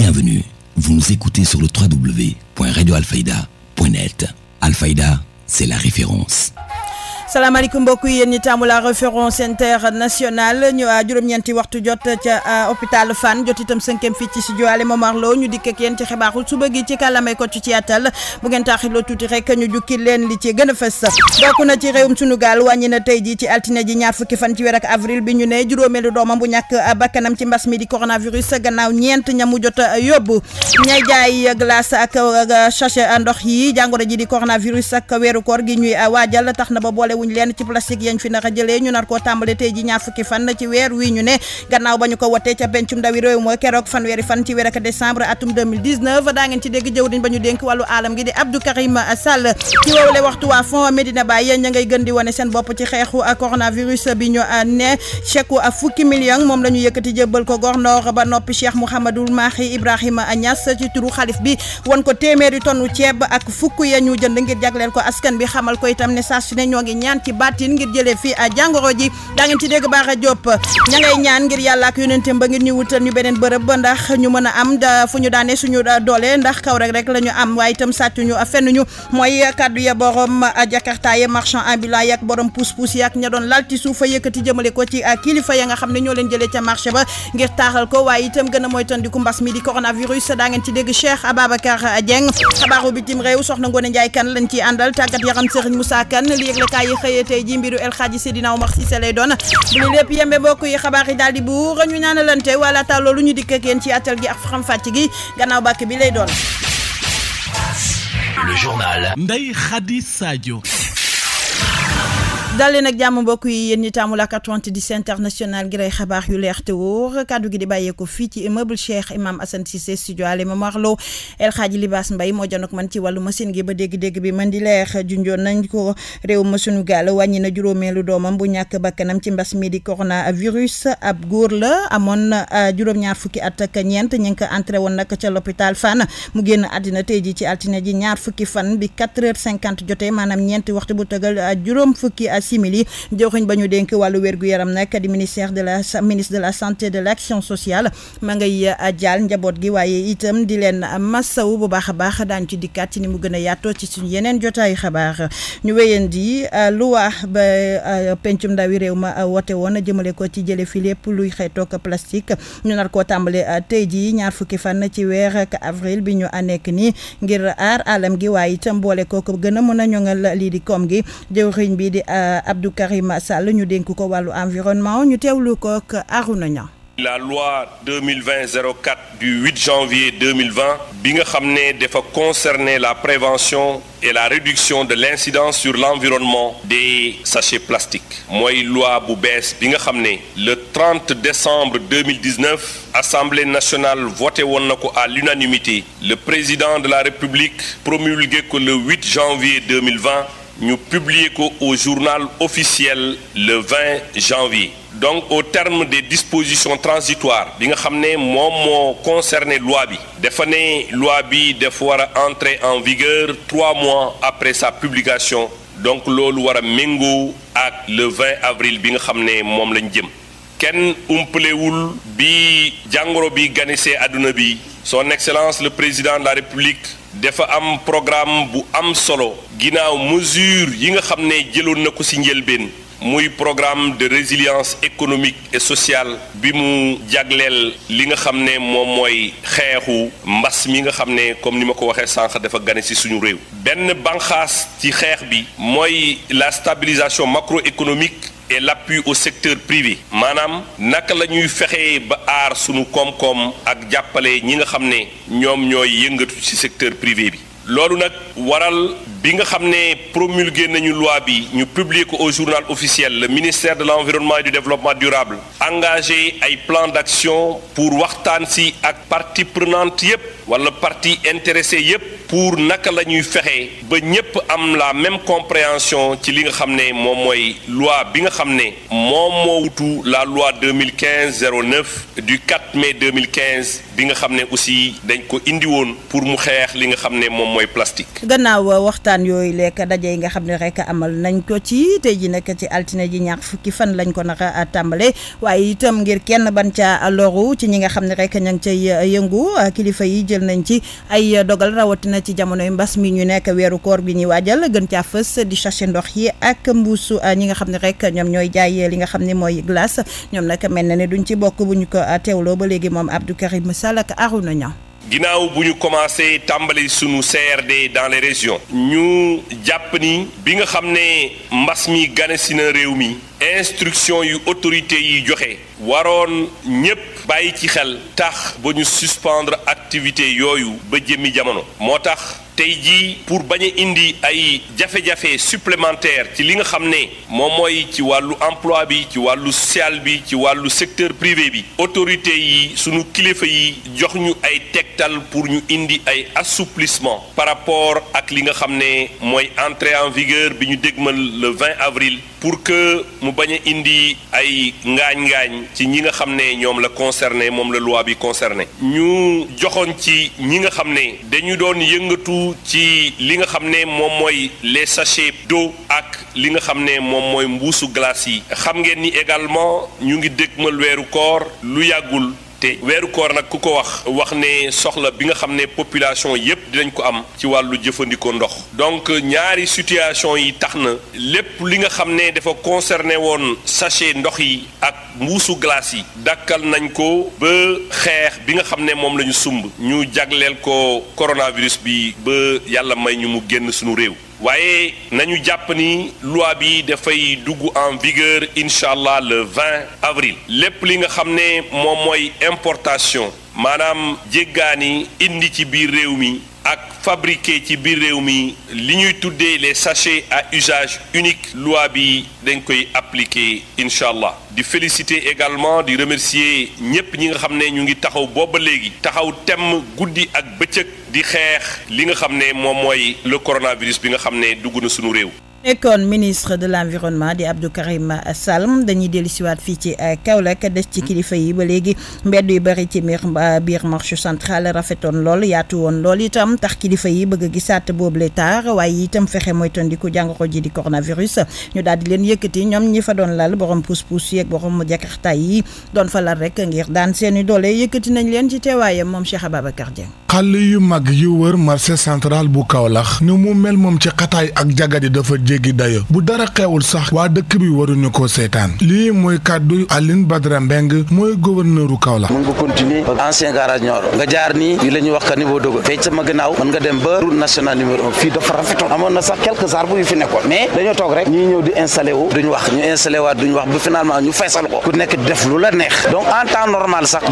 Bienvenue. Vous nous écoutez sur le www.radioalfaida.net. Alfaïda, c'est la référence. salaamaaleykum mbokk yi yéen ñi taamu la référence internationale ñu ah, juróom ñenti waxtu jot ci ah, hôpital fan jot itam 5e fi ci studio ale Momar Lo ñu dikk ak yéen ci xibaaru su gi ci kàllaamay ko ci atal bu ngeen taaxiloo tuti rek ñu jukki len li ci gëna fess na ci rewum suñu gal wañi na tay ji ci altiné ji ñaar fukki fan ci weer ak avril bi ñu ne juróomeelu doomam bu ñak ah, bakanam ci mbass mi di coronavirus gannaaw ñent ñamu jot yobbu ñay jaay glace ak sachet ndox yi jangoro ji di coronavirus ak weeru koor gi ñuy waajal taxna ba boole wuñ leen ci plastique yañ fi nar a jëlee ñu nar koo tàmbale tey ji ñaar fukki fan ci weer wi ne gannaaw ba ñu ko wotee ca pencum ndawi réew mooy keroog fanweeri fan ci weer ak décembre atum daa ngeen ci dégg jëwriñ ba ñu dénk wàllu aalam gi waxtu waa fond Medina Baye ña ngay gën di wane seen bopp ci xeexu coronavirus bi ñu uh, ne chèque uh, fukki million moom la ñu jébbal ko gornoor ba noppi Cheikh Mouhamadul Mahi Ibrahima Niass ci turu ñaan ci batine ngir jëlé fi a ah, jangoro ji da ngeen ci dégg baaxa jop jóp ña ngay ñaan ngir yalla ak yoonenté ba ngeen ñu wutal ñu bërepp ba ndax ñu mëna am da fu ñu daane suñu ah, doolé ndax kaw rek rek lañu am waye tam ñu afenn ah, ñu moy kaddu ya borom jakarta ya marchand ambulant yak ya borom pousse pousse yak ña doon lal ci suufa yëkëti jëmele ko ci kilifa ya nga xamné ñoo leen jëlé ci marché ba ngir taxal ko waaye itam tan di ku mbass mi di coronavirus da ngeen ci dégg cheikh ababacar dieng xabaaru bitim réew soxna ngone ndjay kan lañ ci àndal tàggat yaram serigne moussa kan li kay xëyee tey ji mbiru El Hadji Seydina Oumar Cissé lay doon bu li lépp yembe mbokk yi xabaar yi daal di buur ñu ñaanalante wala taal loolu ñu dikk ak yéen ci atal gi ak faram-fàcc gi gannaaw bàkk bi lay doon. Le journal Ndeye Khady Sadio. daal leen ak jàmm mbokk yi yéen ñi taamul ak Atlantique international gi lay xabaar yu leer te wóor kaddu gi di bàyyeeko fii ci immeuble Cheikh Imam Assane Cissé studio Aly Momar Lo El Hadji Libaas Mbaye moo janook man ci wàllu machine gi ba dégg-dégg bi man di leer junjoon nañ ko réew ma sunu gaal wàññi na juróomeelu doomam bu ñàkk bakkanam ci mbas mi di coronavirus ab góor la amoon euh, juróom-ñaar fukki at ak ñeent ñu ngi ko entré woon nag ca l'hôpital Fann mu génn àddina tey ji ci altine ji ñaar fukki fan bi 4 heures 50 jotee maanaam ñeenti waxtu bu tëgal euh, juróom fukki simili joxuñ ba ñu dénk wàllu wér-gu-yaram nag di ministère de la ministre de la santé de l' action sociale ma ngay euh, jaal njaboot gi waaye itam di leen massaw bu baax a baax daan ci dikkaat ci ni mu gën a yaatoo ci suñu yeneen jotaayu xabaar ñu euh, lu waax ba euh, pencum ndawi réew ma woote woon jëmale ko ci jële fi lépp luy xeetoog plastique ñu nar koo tàmbale tey jii ñaar fukki fan ci weer ak avril bi ñu nekk nii ngir aar alam gi waaye itam boole kooku gën a mën a ñoŋal lii koom gi Euh, Abdou Karim la loi 2020-04 du 8 janvier 2020 bi nga concerner la prévention et la réduction de l'incidence sur l'environnement des sachets plastiques Moi, loi Boubès le 30 décembre 2019 Assemblée nationale voté à l'unanimité le président de la République promulgué que le 8 janvier 2020 nous publier au journal officiel le 20 janvier donc au terme des dispositions transitoires nous nga concerné la loi bi loi entrer en vigueur trois mois après sa publication donc le war est le 20 avril bi nga le ne le son excellence le président de la république dafa am programme bu am solo ginaaw mesure yi nga xamné ne jëloon na ko ci njëlbeen muy programme de résilience économique et sociale bi mu jagleel li nga xamné mom moy mooy xeexu mi nga xamné comme nima ko waxé sank dafa gané ci suñu réew ben banqaas ci xeex bi moy la stabilisation macroéconomique et l'appui au secteur privé Madame, nous la ñuy ba ar sunu kom kom ak jappalé ñi nga xam ne ñoom ci secteur privé bi Lolu nak waral bi nga xamné promulgué nañu loi bi ñu publier au journal officiel le ministère de l'environnement et du développement durable engagé ay plan d'action pour waxtaan si ak parties prenantes yépp wala parti intéressé yépp pour naka la ñuy fexe ba ñépp am la même compréhension ci li nga xam ne moom loi bi nga xam ne moom moo wutu la loi 2015 09 du 4 mai 2015 bi nga xam aussi dañ ko indi woon pour mu xeex li nga xam ne moom mooy plastique. gannaaw waxtaan yooyu lekk daje yi nga xam ne rek amal nañ ko ci tey ji nag ci altine ji ñaar fukki fan lañ ko naka a tàmbale waaye itam ngir kenn ban ca loru ci ñi nga xam ne rek ngi yëngu kilifa yi jël nañ ci ay dogal rawatina ci jamonoy mbas mi ñu nekk weeru koor bi ñuy waajal gën caa fës di sachet ndox yi ak mbuusu ah, ñi nga xam ne rek ñoom ñooy jaay li nga xam ne mooy glace ñoom nag mel na ne duñ ci bokk bu ñu ko ah, teewloo ba léegi moom Abdou Karim Sall ak Arouna Niang ginnaaw bu ñu commencé tàmbali sunu CRD dans les régions ñu jàpp ni bi nga xam ne mbas mi gane na réew mi instruction yu autorité yi joxe waroon ñépp bàyyi ci xel tax ba ñu suspendre activité yooyu ba jëmmi jamono moo tax tey jii pour bañ a indi ay jafe-jafe supplémentaire ci li nga xam ne moom mooy ci wàllu emploi bi ci wàllu social bi ci wàllu secteur privé bi autorité yi sunu kilifa yi jox ñu ay tegtal pour ñu indi ay assouplissement par rapport ak li nga xam ne mooy entrée en vigueur bi ñu dégmal le 20 avril pour que mu bañ a indi ay ngaañ-ngaañ ci ñi nga xam ne ñoom la concerné moom la loi bi concerné ñu joxoon ci ñi nga xam ne dañu doon yëngatu ci li nga xam ne moom mooy les sachets d'eau ak li nga xam ne moom mooy mbuusu glace yi xam ngeen ni également ñu ngi ma weeru koor lu yàggul te weeru koor nag ku ko wax wax ne soxla bi nga xam ne population yépp dinañ ko am ci wàllu jëfandikoo ndox donc ñaari situation yi tax na lépp li nga xam ne dafa concerné woon sachet ndox yi ak mbuusu glace yi dakkal nañ ko ba xeex bi nga xam ne moom la ñu sumb ñu jagleel ko coronavirus bi ba yàlla may ñu mu génn suñu réew waaye nañu jàpp ni loi bi dafay dugg en vigueur inshallah le 20 avril lépp li nga xam ne importation maanaam jéggaani indi ci ak fabriqué ci biir réew mi li ñuy tuddee les sachets à usage unique loi bi dañ koy appliquer incha allah di féliciter également di remercier ñépp ñi nga xam ne ñu ngi taxaw booba léegi taxaw temm guddi ak bëccëg di xeex li nga xam ne moom mooy le coronavirus bi nga xam ne dugg na sunu réew ekoon ministre de l'environnement di Abdou Karim Sall dañuy dellu siwaat fii ci euh, Kaolack des ci kilifa yi ba léegi mbedd yu bëri ci biir euh, biir marché central rafetoon lool yaatu woon lool itam tax kilifa yi bëgg a gisaat boobule taar waaye itam fexe moytandiku jàngoro ji di coronavirus ñu daal di leen yëkkati ñoom ñi fa doon lal borom puus-puus yeeg borom jakarta yi doon fa lal rek ngir daan seeni doole yëkkati nañ leen ci teewaayam moom Cheikh bu Kaolack ni mu mel moom ci xataay jéggi dayo bu dara xewul sax waa dëkk bi waruñu ko seetaan lii mooy kàddu Aline Badara Mbeng mooy gouverneuru Kaolack mën nga continuer ancien garage Nioro nga jaar nii yi wax ka niveau dogo fecc sama gannaaw mën nga dem ba route nationale numéro fii dafa rafetoon amoon na sax quelques arbres yu fi nekkoon mais dañoo toog rek ñii ñëw di installé duñu wax ñu installé duñu wax ba finalement ñu feesal ko ku nekk def lu la neex donc en temps normal sax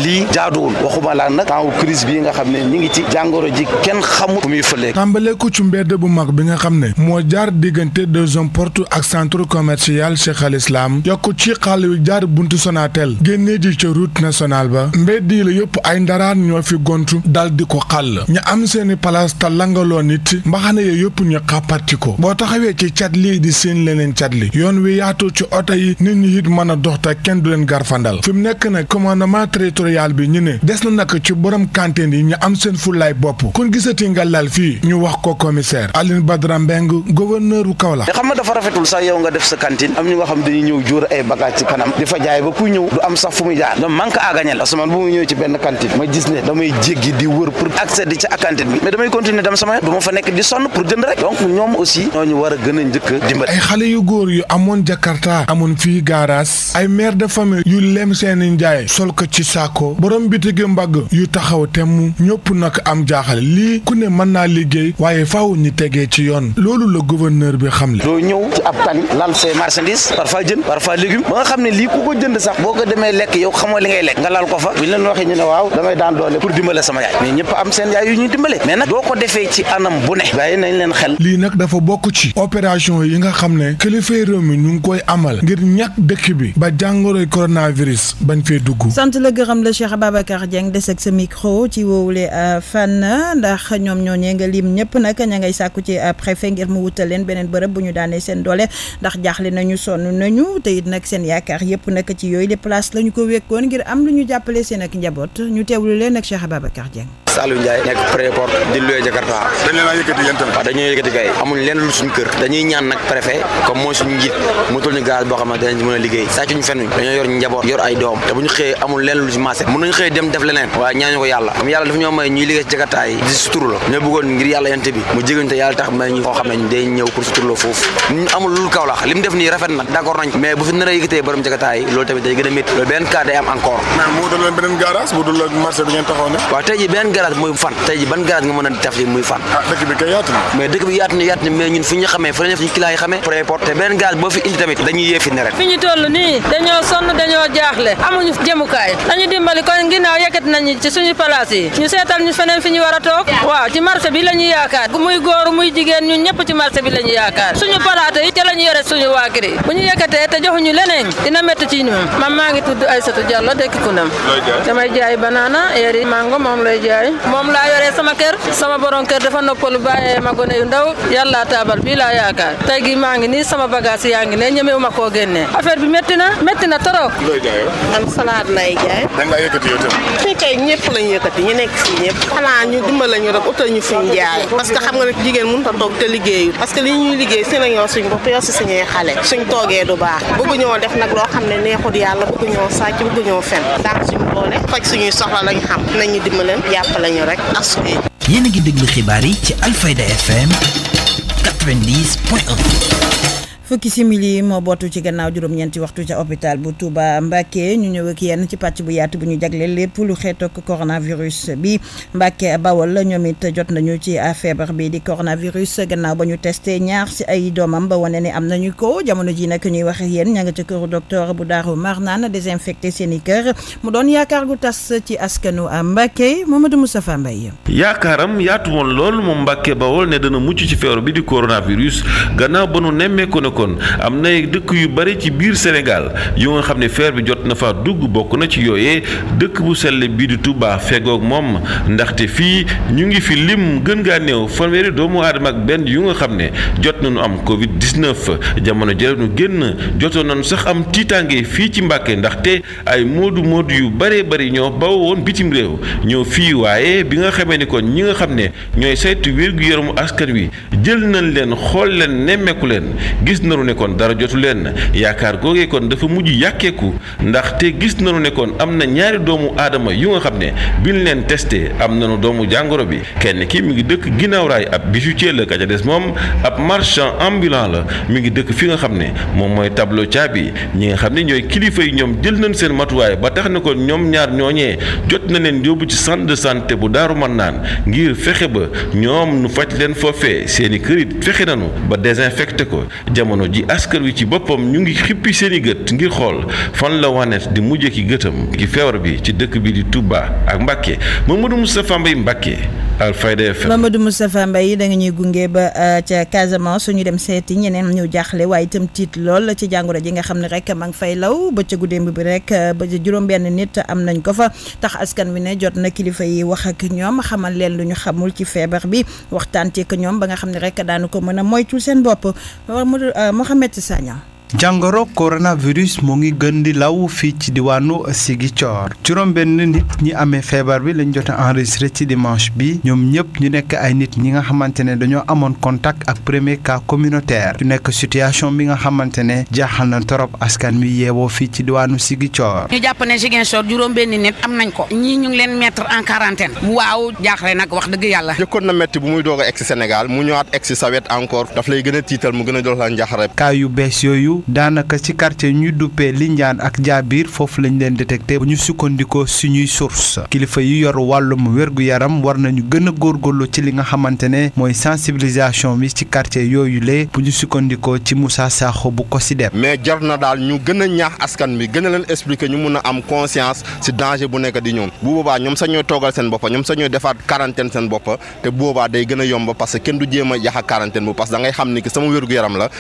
marché de ak centre commercial Cheikh Al Islam yokk ci xal wi jaar buntu Sonatel génnee ji ca route nationale ba mbedd yi la yëpp ay ndaraan ñoo fi gont dal di ko xàll ñu am seeni place te langaloo nit mbaxana ya yëpp ñu xàppati ko boo taxawee ci cat lii di seen leneen cat li yoon wi yaatu ci oto yi nit ñi it mën a dox kenn du leen garfandal fi mu nekk nag commandement territorial bi ñu ne des na nag ci borom cantine yi ñu am seen fullaay bopp kon gisati nga lal fii ñu wax ko commissaire Aline Badara Mbeng gouverneur bu Kaolack la te xam nga dafa rafetul sax yow nga def sa cantine am ñu nga xam dañuy ñëw jóor ay bagage ci kanam di fa jaay ba ku ñëw du am sax fu muy jaar donc manque à gagner la parce que man bu muy ñëw ci benn cantine ma gis ne damay jéggi di wër pour accéder ci cantine bi mais damay continuer dem sama yoon du ma fa nekk di sonn pour jënd rek donc ñoom aussi ñooñu war a gën a njëkk dimbal ay xale yu góor yu amoon jakarta amoon fii garage ay mère de famille yu lem seen njaay sol ko ci saako borom bitigi mbagg yu taxaw temm ñëpp nag am jaaxale lii ku ne mën naa liggéey waaye faaw ñi tegee ci yoon loolu la gouverneur bi xam xamle. doo ñëw ci ab tali lal say marchandise parfois jën parfois légume ba nga xam ne lii ku ko jënd sax boo ko demee lekk yow xamoo li ngay lekk nga lal ko fa buñ leen waxee ñu ne waaw damay daan doole pour dimbale sama yaay mais ñëpp am seen yaay yu dimbale mais nag doo ko defee ci anam bu ne bàyyi nañ leen xel lii nag dafa bokk ci opération yi nga xam ne kilifay réew ñu ngi koy amal ngir ñàkk dëkk bi ba jàngoroy coronavirus bañ fee dugg sant la bu ñu daanee seen doole ndax jaaxle nañu sonn nañu te it nag seen yaakaar yëpp nag ci yooyu les places la ko wékkoon ngir am lu ñu jàppale seen ak njaboot ñu teewlu leen ak Cheikh Ababacar Dieng Saliou Ndiaye nekk préport di loué Jakarta dañ leen a yëkkati yéen tamit waaw dañuy yëkkati kay amuñ leen lu suñu kër dañuy ñaan nag préfet comme mooy suñu njiit mutul ñu gaz boo xam ne dinañ mën a liggéey sàccuñ fennuñ yor njaboot yor ay doom te bu ñu xëyee amul lu ci marché mën nañ dem def leneen waaye ñaañu ko yàlla comme yàlla dafa ñoo may ñuy liggéey ci Jakarta yi di suturu la ñoo bëggoon ngir yàlla yante bi mu jégante yàlla tax may ñu koo xam ne day ñëw pour suturloo foofu ñu amul lu Kaolack li mu def nii rafet na d'accord nañ mais bu fi nar a borom Jakarta yi loolu tamit day gën a métti loolu benn cas day am encore mais mu dul leen beneen garage mu dul marché bi ngeen taxaw ne waaw tey ji garage garage mooy fan tey ji ban garage nga mën a taf yi muy fan ah, dëkk bi kay yaatu na mais dëkk bi yaatu na yaatu na mais ñun fi ñu xamee fa la ñu fi client yi xamee préport te beneen garage boo fi indi tamit dañuy yéefi ne rek ñu toll nii dañoo sonn dañoo jaaxle amuñu jëmukaay dañu dimbali kon ginnaaw yëkkati nañu suñu place yi ñu seetal ñu feneen fi ñu war a waaw ci marché bi la ñu yaakaar muy góor muy jigéen ñun ñëpp ci marché bi la yaakaar suñu palaata yi ca la ñu suñu waa moom laa yoree sama kër sama borom kër dafa noppalu bàyyee ma gone yu ndaw yàlla taabal bii laa yaakaar tey gi maa ngi nii sama bagage yaa ngi ne ñemewu ma koo génnee affaire bi métti na métti na torop looy jaay man salaat lay jaay dañ laa yëkkati yow tam fii ñëpp lañ yëkkati ñu nekk fii ñëpp xanaa ñu dimbala ñu rek utal ñu fuñ jaay parce que xam nga rek jigéen mënut a toog te liggéeyu parce que li ñuy liggéey si nañoo suñ bopp yoo si suñuy xale suñ toogee du baax bëgg ñoo def nag loo xam ne neexut yàlla bëgg ñoo sàcc bëgg ñoo fen daal suñ boole faj suñuy soxla lañ xam nañu dimbaleen jàpp jàppale ñu rek askan yéen a ngi déglu xibaar yi ci Alfayda FM 90 point fukki simili moo bootu ci gannaaw juróom-ñeenti waxtu ca hôpital bu Touba Mbacké ñu ñëw yenn ci pàcc bu yaatu bu ñu jagleel lépp lu xeetook coronavirus bi Mbacké Bawol ñoom it jot nañu ci feebar bi di coronavirus gannaaw ba ñu testé ñaar si ay doomam ba wane ne am nañu ko jamono ji nag ñuy wax yéen ña nga ca këru docteur bu Daaru Marnaan désinfecté seen i kër mu doon yaakaar gu tas ci askanu Mbacké Mamadou Moustapha Mbaye yaakaaram yaatu woon lool moom Mbacké Bawol ne dana mucc ci feebar bi di coronavirus gannaaw ba nu nemmeeku ne kon am na dëkk yu bari ci biir Sénégal yu nga xam ne fer bi jot na fa dugg bokk na ci yooyee dëkk bu sell bii di Touba fegoog moom ndaxte fii ñu ngi fi lim gën gaa néew fanweeri doomu aadama ak benn yu nga xam ne jot na nañu am Covid 19 jamono jële nu génn jotoon nañu sax am tiitaange fii ci Mbàkke ndaxte ay moodu moodu yu baree bari ñoo ba woon bitim réew ñoo fii waaye bi nga xamee ni kon ñi nga xam ne ñooy saytu wér-gu-yaramu askan wi jël nañ leen xool leen nemmeeku leen gis nañu ne kon dara jotu leen yaakaar googee kon dafa mujj yàkkeeku ndax te gis nañu ne kon am na ñaari doomu aadama yu nga xam ne biñ leen testé am na nu doomu jàngoro bi kenn ki mu ngi dëkk ginnaaw raay ab bijoutier la ka des moom ab marchand ambulant la mi ngi dëkk fi nga xam ne moom mooy tableau caabi ñi nga xam ne ñooy kilifa yi ñoom jël nañ seen matuwaay ba tax na kon ñoom ñaar ñooñee jot na leen yóbbu ci centre de santé bu daaru man naan ngir fexe ba ñoom nu faj leen foofee seeni kërit fexe jamono ji askan wi ci boppam ñu ngi xippi seeni gët ngir xool fan la wanet di mujje ki gëtam ki feebar bi ci dëkk bi di Touba ak Mbacke Mamadou Moustapha Mbaye Mbacke Alfayda FM Mamadou Moustapha Mbaye da nga ñuy gunge ba uh, ca Casamance suñu dem seeti ñeneen ñu jaaxle waaye itam tiit lool ci jàngoro ji nga xam ne rek mag ngi fay law bëccëgu démb bi rek uh, ba juróom-benn nit am nañ ko fa tax askan wi ne jot na kilifa yi wax ak ñoom xamal leen lu ñu xamul ci feebar bi waxtaan ci ak ñoom ba nga xam ne rek daanu ko mën a moytu seen bopp uh, Eh, Mohammed Mohamed jàngoro coronavirus mu ngi gën di law fii ci diwaanu Ziguinchor juróom benn nit ñi amee feebar bi lañ jot a enregistré ci dimanche bi ñoom ñëpp ñu nekk ay nit ñi nga xamante ne dañoo amoon contact ak premier cas communautaire ñu nekk situation bi nga xamante ne jaaxal na torop askan wi yeewoo fii ci diwaanu Ziguinchor. ñu jàpp ne Ziguinchor juróom benn nit am nañ ko ñii ñu leen mettre en quarantaine waaw jaaxle nag wax dëgg yàlla. jëkkoon na métti bu muy doog a egg si Sénégal mu ñëwaat egg si sawet encore daf lay gën a tiital mu gën a jox la njaaxare. cas yu bees yooyu. daanaka ci quartier ñuy duppee Lindiane ak Jaabiir foofu lañ leen détecté bu ñu sukkandikoo suñuy source kilifa yi yor wàllum wér-gu-yaram war nañu gën a góorlu ci li nga xamante ne mooy sensibilisation bi ci quartier yooyu le bu ñu sukkandikoo ci Moussa Sakho bu ko si mais jar na daal ñu gën a ñaax askan bi gën a leen expliquer ñu mun a am conscience si danger bu nekk di ñoom bu boobaa ñoom sax ñooy toogal seen bopp ñoom sax ñooy defaat quarantaine seen bopp te bu boobaa day gën a yomb kenn du jéem a yax a quarantaine bu parce que da ngay xam ni sama wér-gu-yaram la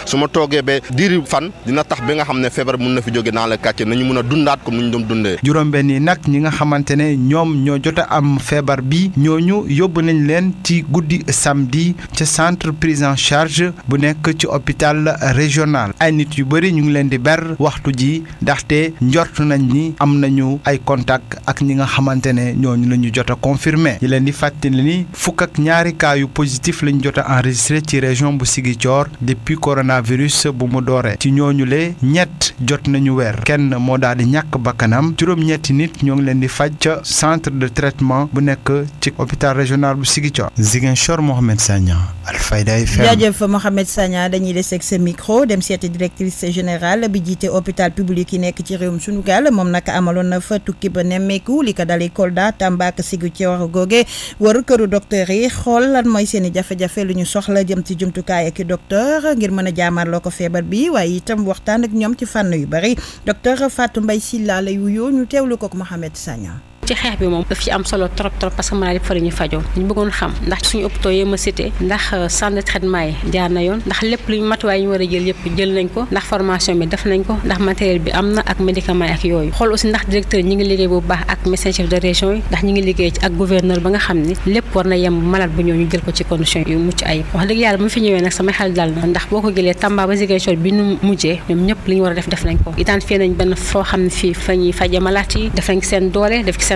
dina tax bi nga xam ne feebar mun na fi jóge dans le quartier nañu mun a dundaat comme ñu doon dundee. juróom-benn yi nag ñi nga xamante ne ñoom ñoo jot a am feebar bi ñooñu yóbbu nañ leen ci guddi samedi ca centre prise en charge bu nekk ci hôpital régional ay nit yu bëri ñu ngi leen di ber waxtu ji ndaxte njort nañ ni am nañu ay contact ak ñi nga xamante ne ñooñu la ñu jot a confirmé ñi leen di fàttali ni fukk ak ñaari cas yu positif lañ jot a enregistré ci région bu Ziguinchor depuis coronavirus bu mu dooree ñooñule ñett jot nañu weer kenn moo daal di ñàkk bakkanam juróom-ñetti nit ñoo ngi leen di faj ca centre de traitement bu nekk ci hôpital régional bu Ziguinchor. Ziguinchor Mohamed Sagna Alfayda FM. jaajëf Mohamed Sagna dañuy deseeg sa micro dem seeti directrice générale bi jiite hôpital public yi nekk ci réewum sunu gaal moom nag amaloon na fa tukki ba nemmeeku li ko dalee Kolda Tamba ak Ziguinchor googe wër këru docteur yi xool lan mooy seen i jafe-jafe lu ñu soxla jëm ci jumtukaay ak i ngir mën a jaamarloo ko feebar bi tam waxtaan ak ñoom ci fànn yu bari docteur Fatou Mbaye mbay la yu yoo ñu teewlu ko ak Mohamed Sagna ci xex bi moom fi am solo trop trop parce que maladie fa la ñu fajoo ñu bëggoon xam ndax suñu hôpitaux yi ma cité ndax centre de traitement yi jaar na yoon ndax lépp luñu matuwaay yi ñu war a jël yëpp jël nañ ko ndax formation bi def nañ ko ndax matériel bi am na ak médicament ak yooyu xool aussi ndax directeur ñi ngi liggéey bu baax ak médecin chef de région yi ndax ñi ngi liggéey ci ak gouverneur ba nga xam ni lépp war na yem malade bu ñëw ñu jël ko ci condition yu mucc ayib wax dëgg yàlla mu fi ñëwee nag sama xel dal na ndax boo ko jëlee Tamba ba chol bi nu mujjee ñoom ñëpp li ñu war a def def nañ ko identifié nañ benn foo xam ne fii fa ñuy faje malaat yi def nañ seen doole def ci seen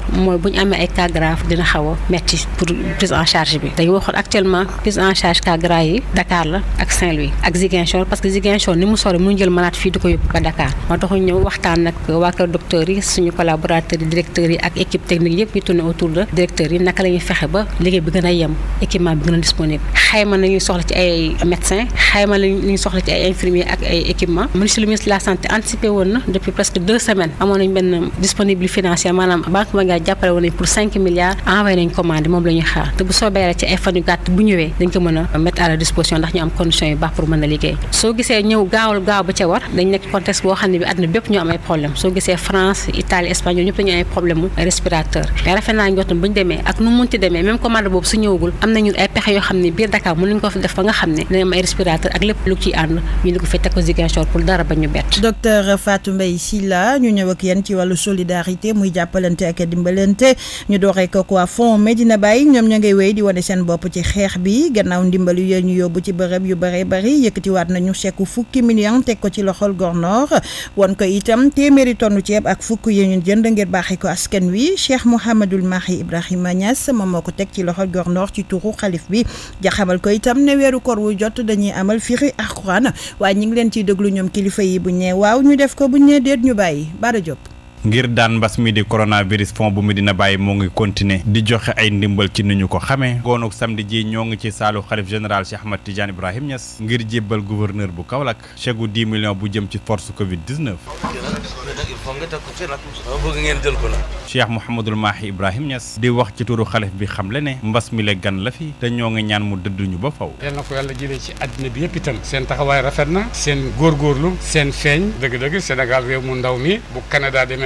encore mooy bu ñu amee ay cas grave dina xaw a metti pour prise en charge bi dañu waxoon actuellement prise en charge cas grave yi Dakar la ak Saint-Louis ak Ziguinchor parce que Ziguinchor ni mu sori mu jël malade fii di ko yóbbu ba Dakar moo tax ñu ñëw waxtaan yi suñu collaborateurs yi directeurs yi ak équipe technique yëpp ñu yi naka la ñuy fexe ba liggéey bi gën a yem équipement bi gën a disponible xayma nañuy soxla ci ay médecins xayma nañuy soxla ci ay infirmiers ak ay équipements ministre de Sénégal jàppale woon nañ pour cinq milliards envoyé nañ commande moom la xaar te bu soobee rek ci ay fan yu gàtt bu ñëwee dañ ko mën a à la disposition ndax ñu am conditions yu soo gisee ñëw gaawal gaaw ba ca war dañ nekk contexte boo xam ne bi àdduna bépp ñu demee ak nu munti demee même commande boobu su ñëwagul am nañu ay pexe yoo xam ne biir Dakar mën nañu ko fi def ba nga xam ne dinañ am ay respirateur ak lépp lu ànd ñu ni ko fi teg dimbalante ñu dooree ko waa Fonds Medina bàyyi ñoom ña ngay wéy di wane seen bopp ci xeex bi gannaaw ndimbal yu ñu yóbbu ci bërëb yu bëree bëri yëkkatiwaat nañu sekku fukki million teg ko ci loxol Gornor won ko itam téeméeri tonnu ceeb ak fukk yi ñu jënd ngir baaxee ko askan wi Cheikh Mouhamadul Mahi Ibrahima Niass moom moo ko teg ci loxol Gornor ci turu xalif bi jaxamal ko itam ne weeru kor wu jot dañuy amal firi ak Alxuraan waaye ñu ngi leen ciy déglu ñoom kilifa yi bu ñee waaw ñu def ko bu ñee déet ñu bàyyi Bara Diop ngir daan mbas mi di coronavirus fond bu Medina Baye moo ngi continuer di joxe ay ndimbal ci ni ñu ko xamee ngoonuk samedi ji ñoo ngi ci saalu xalif général Cheikh Ahmad Tidiane Ibrahim Niass ngir jébbal gouverneur bu Kaolack chegu 10 millions bu jëm ci force Covid 19. Cheikh Mouhamadul Mahi Ibrahim Niass di wax ci turu xalif bi xam le ne mbas mi la gan la fi te ñoo ngi ñaan mu dëdduñu ba faw yal na ko yàlla jëlee ci àddina bi yëpp itam seen taxawaay rafet na seen góorgóorlu seen feeñ dëgg-dëgg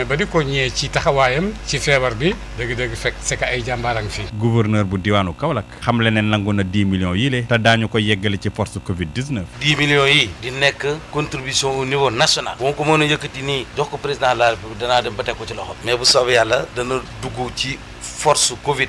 ba di ko ñee ci taxawaayam ci feebar bi dëgg-dëgg fekk c'est ay jàmbaar a ngi fi. gouverneur bu diwaanu Kaolack xam le ne nangu na 10 million yi le te daañu ko yeggale ci force Covid 19. 10 millions yi di nekk contribution au niveau national. bu ma ko mën a yëkkati nii jox ko président de la république danaa dem ba teg ko ci loxo mais bu soobee yàlla dana dugg ci force Covid.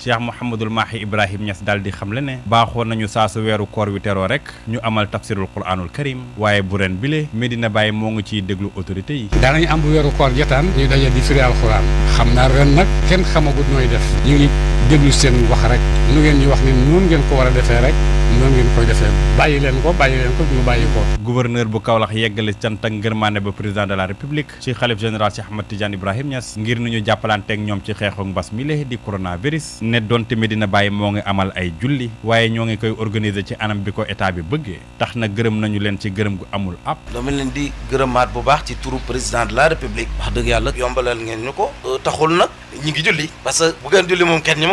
Cheikh Mouhamadul Mahi Ibrahim Niass daal di xam le ne baaxoon nañu saa su koor wi teroo rek ñu amal tafsirul quranul karim waye bu ren bile Medina Baye moo ngi ciy déglu autorité yi daanañu am bu weeru koor jotaan ñu daje di firi alquran xam ren nag kenn xamagut def ñu ngi déglu seen wax rek nu ngeen ñu wax ni noonu ngeen ko war a defee rek noonu ngeen koy defee bàyyi leen ko bàyyi leen ko ñu bàyyi ko. gouverneur bu Kaolack yeggale cant ak ngërmaane ba président de la république ci xalif général Cheikh Ahmad Tidiane Ibrahim Niass ngir nu ñu jàppalanteeg ñoom ci xeexu mbas mi lee di coronavirus ne donte Medina Baye moo ngi amal ay julli waaye ñoo ngi koy organiser ci anam bi ko état bi bëggee tax na gërëm nañu leen ci gërëm gu amul ab dama leen di gërëmaat bu baax ci turu président de la république wax dëgg yàlla yombalal ngeen ñu ko euh, taxul nag ñi ngi julli parce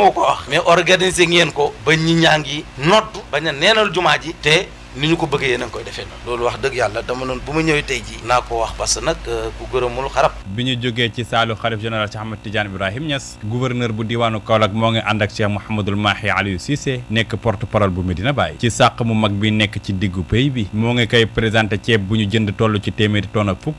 nangu ko mais organiser ngeen ko ba ñi ñaa ngi nodd bañ a neenal jumaa ji te ni ñu ko bëggee yéen a ngi koy defee noonu loolu wax dëgg yàlla dama noonu bu ma ñëwee tey ji naa ko wax parce nag euh, ku gërëmul xarab bi ñu jógee ci saalu xalif général Cheikh Ahmed Tidiane Ibrahim Niass gouverneur bu diwaanu Kaolack moo ngi ànd ak Cheikh Mouhamadul Mahi Aliou Cissé nekk mu mag bi nekk ci diggu pays bi moo ngi koy présenté ceeb bu ñu jënd toll ci téeméeri tonne ak fukk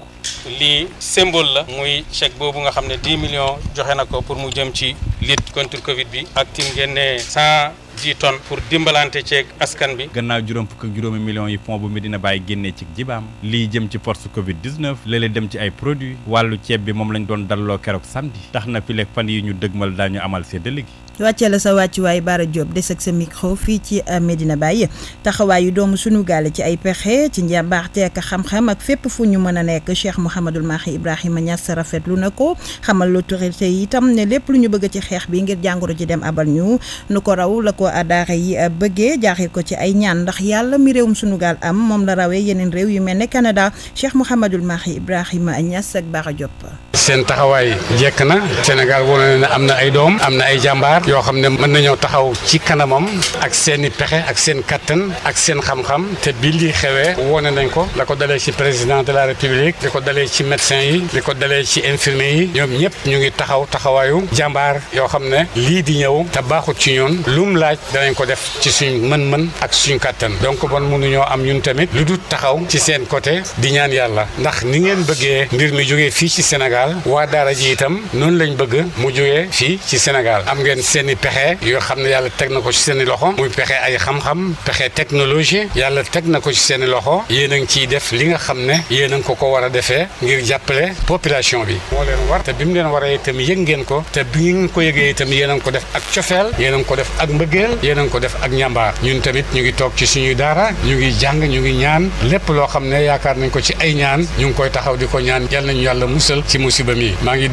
lii symbole la muy chèque boobu nga xam ne 10 millions joxe na ko pour mu jëm ci lutte contre Covid bi ak tim génnee 100 dix tonnes pour dimbalante ceeg askan bi gannaaw juróom fukk ak juróomi millions yi pont bu dina bàyyi génnee ci jibaam lii jëm ci force covid 19 léeg-léeg dem ci ay produits wàllu ceeb bi moom lañ doon dalloo keroog samedi tax na fi lekk fan yi ñu dëgmal daañu amal séddale gi wàccee la sa wàccuwaay Bara Diop des ak sa micro fii ci euh, Medina Baye taxawaayu doomu sunu gaal ci ay pexe ci njàmbaarte ak xam ak fépp fu ñu mën a nekk Cheikh Mouhamadul Mahi Ibrahima Niass rafetlu na ko xamal l'autorité yi itam ne lépp lu ñu bëgg ci xeex bi ngir jàngoro ji dem abal ñu nu ko raw la ko daara yi euh, bëggee jaaxir ko ci ay ñaan ndax yàlla mi réewum sunu gaal am moom la rawee yeneen réew yu mel ne Canada Cheikh Mouhamadul Mahi Ibrahima Niass ak Bara Diop. seen taxawaay jekk na Sénégal wane na am na ay doom am na ay jàmbaar yoo xam ne mën nañoo taxaw ci kanamam ak seen i pexe ak seen kattan ak seen xam-xam te bi lii xewee wone nañ ko la ko dalee ci président de la république li ko dalee ci médecin yi li ko dalee ci infirmier yi ñoom ñëpp ñu ngi taxaw taxawaayu jàmbaar yoo xam ne lii di ñëw te baaxut ci ñun lum laaj danañ ko def ci suñ mën-mën ak suñ kattan donc bon mënuñoo am ñun tamit lu dul taxaw ci seen côté di ñaan yàlla ndax ni ngeen bëggee mbir mi jógee fii ci Sénégal waa daara ji itam noonu lañ bëgg mu jógee fii ci Sénégal am seen i pexe yoo xam ne yàlla teg na ko ci seen i loxo muy pexe ay xam-xam pexe technologie yàlla teg na ko ci seen i loxo yéen a ngi ciy def li nga xam ne yéen a ngi ko ko war a defee ngir jàppale population bi moo leen war te bi mu leen waree tamit yëg ngeen ko te bi nga ko yëgee itam yéen a ko def ak cofeel yéen a ngi ko def ak mbëggeel yéen a ko def ak ñambaar ñun tamit ñu ngi toog ci suñuy daara ñu ngi jàng ñu ngi ñaan lépp loo xam ne yaakaar nañ ko ci ay ñaan ñu ngi koy taxaw di ko ñaan yal nañu yàlla musal ci musiba mi maa ngi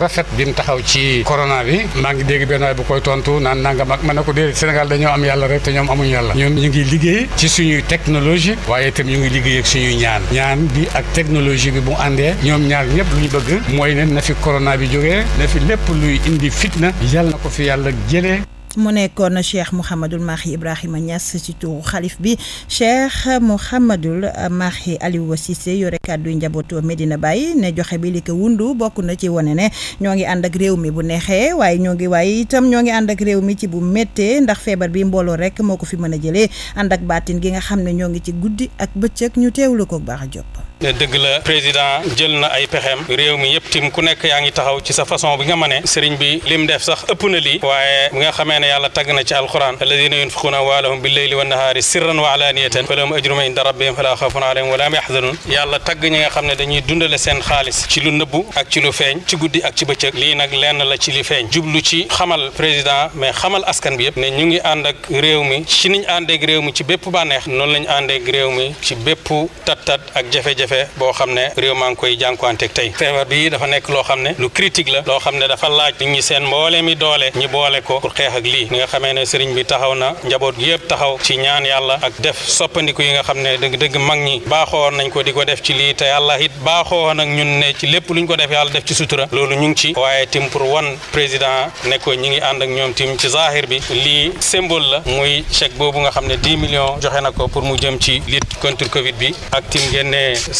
rafet bi mu taxaw ci corona bi maa ngi dégg benn waay bu koy tontu naan nangam ak ma ne ko déedéet Sénégal dañoo am yàlla rek te ñoom amuñu yàlla ñoom ñu ngi liggéey ci suñuy technologie waaye itam ñu ngi liggéey ak suñuy ñaan ñaan bi ak technologie bi bu àndee ñoom ñaar ñëpp lu ñu bëgg mooy ne na fi corona bi jógee na fi lépp luy indi fitna yàlla na ko fi yàlla jële mu nekkoon Cheikh Mouhamadul Mahi Ibrahima Niass ci turu xalif bi Cheikh Mouhamadul Mahi Aliou Cissé yore kàddu njabootu Medina Baye ne joxe bi li ko wundu bokk na ci wane ne ñoo ngi ànd ak réew mi bu neexee waaye ñoo ngi waaye itam ñoo ngi ànd ak mi ci bu méttee ndax feebar bi mbooloo rek moo ko fi mën a jëlee ànd ak baatin gi nga xam ne ñoo ngi ci guddi ak bëccëg ñu teewlu ko baax a jopp dëgg la président jël na ay pexeem réew mi yëpp tim ku nekk yaa ngi taxaw ci sa façon bi nga ma ne sëriñ bi lim def sax ëpp na lii waaye bi nga xamee ne yàlla tagg na ci alquran alladina yunfiquuna amwaalahum billeyli wannahaari sirran wa alaaniyatan falahum ajruma inda falaa xawfun alayhim wala hum yaxzanuun yàlla tagg ñi nga xam ne dañuy dundale seen xaalis ci lu nëbbu ak ci lu feeñ ci guddi ak ci bëccëg lii nag lenn la ci li feeñ jublu ci xamal président mais xamal askan bi yëpp ne ñu ngi ànd ak réew mi ci niñ àndeeg réew mi ci bépp bànneex noonu lañ àndeeg réew mi ci bépp tat tat ak jafe jafe-jafe boo ne réew koy jànkuwanteeg tey feebar bi dafa nekk loo xam ne lu critique la loo xam ne dafa laaj nit ñi seen mboole mi doole ñi boole ko pour xeex ak lii ni nga xamee ne sëriñ bi taxaw na njaboot gi yëpp taxaw ci ñaan yàlla ak def soppandiku yi nga xam ne dëgg dëgg mag ñi baaxoon nañ ko di ko def ci lii te yàlla it baaxoon ak ñun ne ci lépp luñ ko def yalla def ci sutura loolu ñu ngi ci waaye tim pour wan président ne ko ñi ngi ànd ak ñoom tim ci zahir bi lii symbole la muy chèque boobu nga xam ne 10 millions joxe na ko mu jëm ci lutte contre covid bi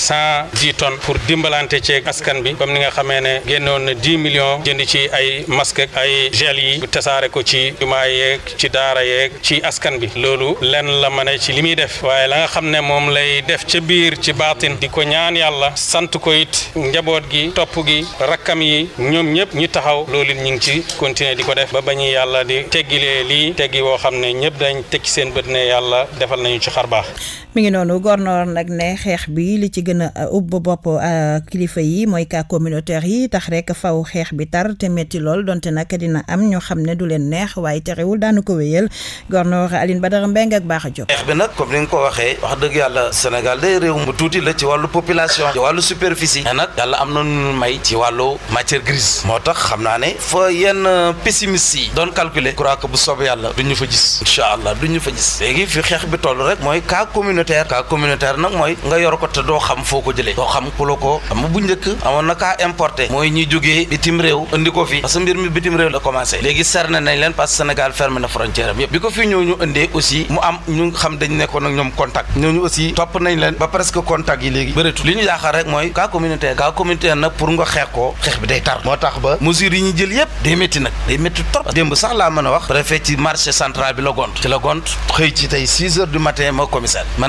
cent dix tonnes pour dimbalante ceeg askan bi comme ni nga xamee ne génnoon na dix millions jënd ci ay masque ay gel yi tesaare ko ci jumaa yeeg ci daara yeeg ci askan bi loolu lenn la mën ci li muy def waaye la nga xam ne moom lay def ca biir ci baatin di ko ñaan yàlla sant ko it njaboot gi topp gi rakkam yi ñoom ñëpp ñu taxaw loolu ñu ngi ci continuer di ko def ba bañu yàlla di teggilee lii teggi woo xam ne ñëpp dañ tekki seen bët ne yàlla defal nañu ci xar baax mi ngi noonu gornoor nag ne xeex bi li ci gën a ubb bopp kilifa yi mooy cas communautaire yi tax rek faw xeex bi tar te métti lool donte nag dina am ñoo xam ne du leen neex waaye terewul daanu ko wéyal gornoor Aline Badara Mbengue ak a Diop. xeex bi nag comme ni nga ko waxee wax dëgg yàlla Sénégal day réew mu tuuti la ci wàllu population ci wàllu superficie mais nag yàlla am na ñu may ci wàllu matière grise moo tax xam naa ne foo yenn pessimiste yi doon calculer crois bu soobee yàlla du ñu fa gis incha allah communautaire cas communautaire nag mooy nga yor ko te doo xam foo ko jëlee doo xam ku la ko am bu njëkk amoon na cas importé mooy ñi jógee bitim réew indi ko fii parce mbir mi bitim réew la commencé léegi cerné nañ leen parce que Sénégal na frontière am bi ko fii ñëw ñu aussi mu am ñu xam dañ nekkoon ñoom contact ñooñu aussi topp nañ leen ba presque contact yi léegi bëreetul li ñu yaakaar rek mooy cas communautaire cas communautaire nag pour nga xeex ko xeex bi day tar moo tax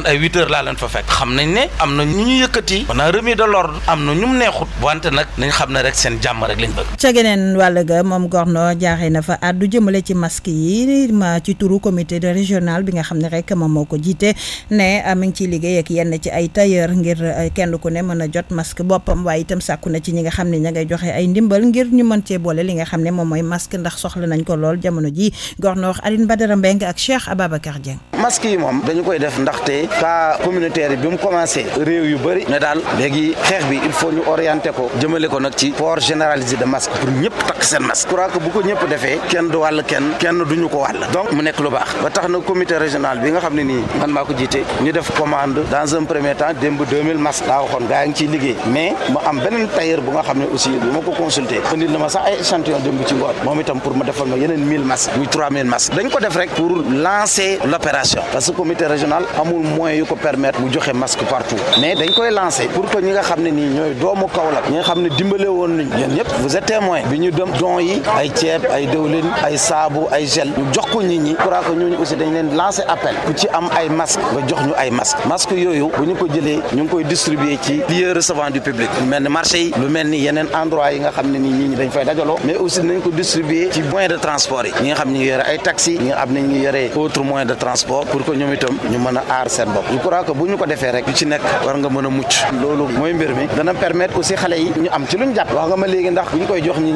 ay huit heures laa leen fa fekk xam nañ ne am na ñu ñu yëkkati on a remis de l'ordre am na ñu mu neexut wante nag nañ xam ne rek seen jàmm rek geneen wàll ga moom Gorno jaaxee na fa àddu jëmale ci masque yi ma ci turu comité de régional bi nga xam ne rek moom moo ko jiite ne ah, mi ngi ciy liggéey ak yenn ci ay tailleur ngir ah, kenn ku ne mën a jot masque boppam waaye itam sàkku na ci ñi nga xam ne ña ngay joxe ay ndimbal ngir ñu mën cee boole li nga xam ne moom mooy masque ndax soxla nañ ko lool jamono ji Gorno wax Aline Badara Mbeng ak Cheikh Ababacar Dieng masque yi moom dañu koy def ndaxte ka communautaire bi mu commencé réew yu bëri ne daal léegi xeex bi il faut ñu orienté ko jëmale ko nag ci port généralisé de masque pour ñëpp takk seen masque je crois que bu ko ñëpp defee kenn du wàll kenn kenn duñu ko wàll donc mu nekk lu baax ba tax na comité régional bi nga xam ne nii man maa ko jiite ñu def commande dans un premier temps démb 2000 masques daa waxoon gaa ngi ciy liggéey mais mu am beneen tailleur bu nga xam ne aussi bu ma ko consulté indil na ma sax ay échantillon démb ci ngoon moom itam pour ma defal ma yeneen 1000 masques muy 3000 masques dañ ko def rek pour lancer l' opération parce que comité régional amul moyens yu ko permettre mu joxe masque partout mais dañ koy lancer pour que ñi nga xam ni ñoy doomu doomu Kaolack ñi nga xam ne dimbale nañ yéen ñëpp vous êtes témoin bi ñu dem don yi ay ceeb ay dewlin ay sabu ay gel ñu jox ko nit ñi crois que ñooñu aussi dañ leen lancer appel ku ci am ay masque nga jox ñu ay masque masque yoyu bu ñu ko jëlee ñu koy distribuer ci lieu recevant du public lu mel marché yi lu melni yenen endroit yi nga xam ni nit ñi dañ fay dajalo mais aussi nañ ko distribuer ci point de transport yi nga xam ne ñu ngi ay taxi ñi nga xam ñu ngi yore autre moyen de transport pour que ñoom itam ñu mën a aar bopp je crois que bu ñu ko defee rek lu ci nekk war nga mën a mucc loolu mooy mbir mi dana permettre aussi xale yi ñu am ci luñ jàpp wax nga ma léegi ndax bu ñu koy jox ñi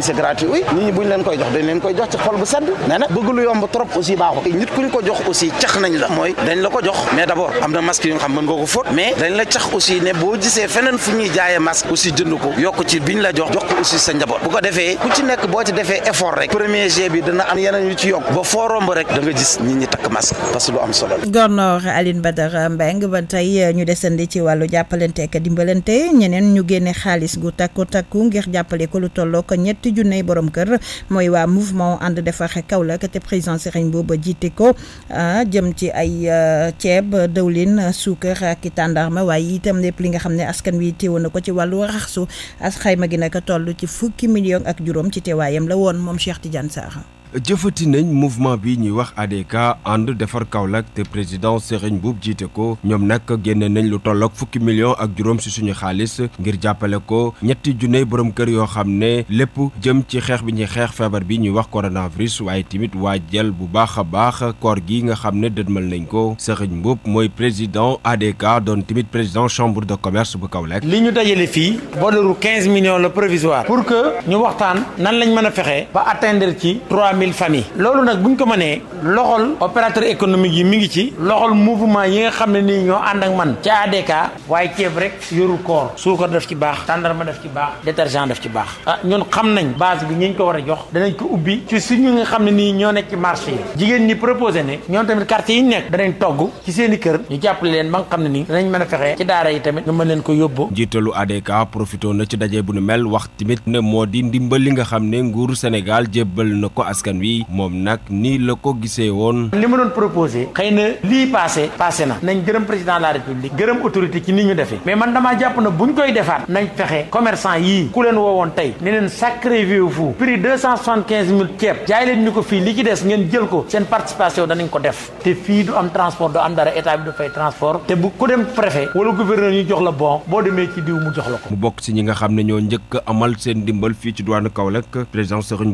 ñu ko jox aussi cax nañ la mooy dañ la ko jox mais d'abord am na masque yu nga xam mën nga ko fóot mais dañ la cax aussi ne boo gisee feneen fu ñuy jaayee masque aussi jënd ko yokk ci biñ la jox jox ko aussi sa njaboot bu ko defee ku ci nekk boo ci defee effort rek premier jet bi dana am yeneen da nga gis nit ñi takk masque parce que lu am Mbengue ba tey ñu desandi ci wàllu jàppalante ak dimbalante ñeneen ñu génne xaalis gu takku takku ngir jàppale ko lu tolloo ko ñetti junney boroom kër mooy waa mouvement ànd defar Kaolack te président Serigne Bouba jiite ko jëm ci ay ceeb dëwlin suukar ak i tàndarma waaye itam lépp li nga xam ne askan wi teewoon na ko ci wàllu raxsu as xayma gi nag toll ci fukki million ak juróom ci teewaayam la woon moom Cheikh Tidiane Sarr jëfati nañ mouvement bi ñuy wax ADK and defar Kaolack te président Serigne Boub jiite ko ñoom nag génne nañ lu tollok fukki millions ak juroom ci suñu xaalis ngir jappalé ko ñetti junne borom kër yo xamné lepp jëm ci xex bi ñi xex feebar bi ñuy wax coronavirus waaye timit waajal bu baax baax koor gi nga xamné ne nañ ko Serigne Boub moy président ADK don timit président chambre de commerce bu Kaolack. li ñu dajalé fi bonheuru 15 millions le provisoire. pour que ñu waxtaan nan lañ mëna fexé ba atteindre ci 3 mille familles loolu nak buñ ko mané loxol opérateur économique yi mi ngi ci loxol mouvement yi nga xamné ni ño and ak man ci ADK waaye ceeb rek yorul koor suukar def ci bax tandarma def ci bax détergent def ci bax ah ñun xam nañ base bi ñu ko wara jox dañ ko ubbi ci suñu nga xamné ni ño nek ci marché jigen ni proposer né ne tamit quartier yi nek dañ togg ci seen kër ñu jàppale leen ba nga xamné ni dañ mëna fexé ci daara yi tamit ñu mëna leen ko yobbu jittelu ADK profito na ci dajé bu nu mel wax timit ne modi ndimbal li nga xamné ne nguuru Sénégal jébal nako as askan wi moom nag nii la ko gisee woon. li ma doon proposé xëy na lii passé passé na nañ gërëm président de la république gërëm autorité ci ni ñu defee mais man damaa jàpp na buñ koy defaat nañ fexe commerçant yii ku leen woowoon tey ne leen sacrifiez-vous prix deux cent soixante quinze mille ceeb jaay leen ñu ko fii li ci des ngeen jël ko seen participation danañ ko def te fii du am transport du am dara état bi du fay transport te bu ku dem préfet wala gouverneur ñu jox la bon boo demee ci diw mu jox la mu bokk si ñi nga xam ne ñoo njëkk fii ci diwaanu Kaolack président Serigne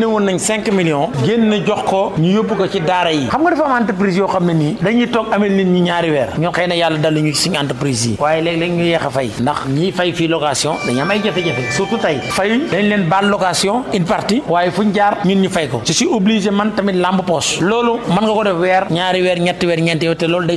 génne woon nañ cinq millions génn jox ko ñu yóbbu ko ci daara yi xam nga dafa am entreprise yoo xam ne nii dañuy toog amel nit ñi na yàlla a fay ndax ñiy fay fii location dañu am ay jafe-jafe surtout fekk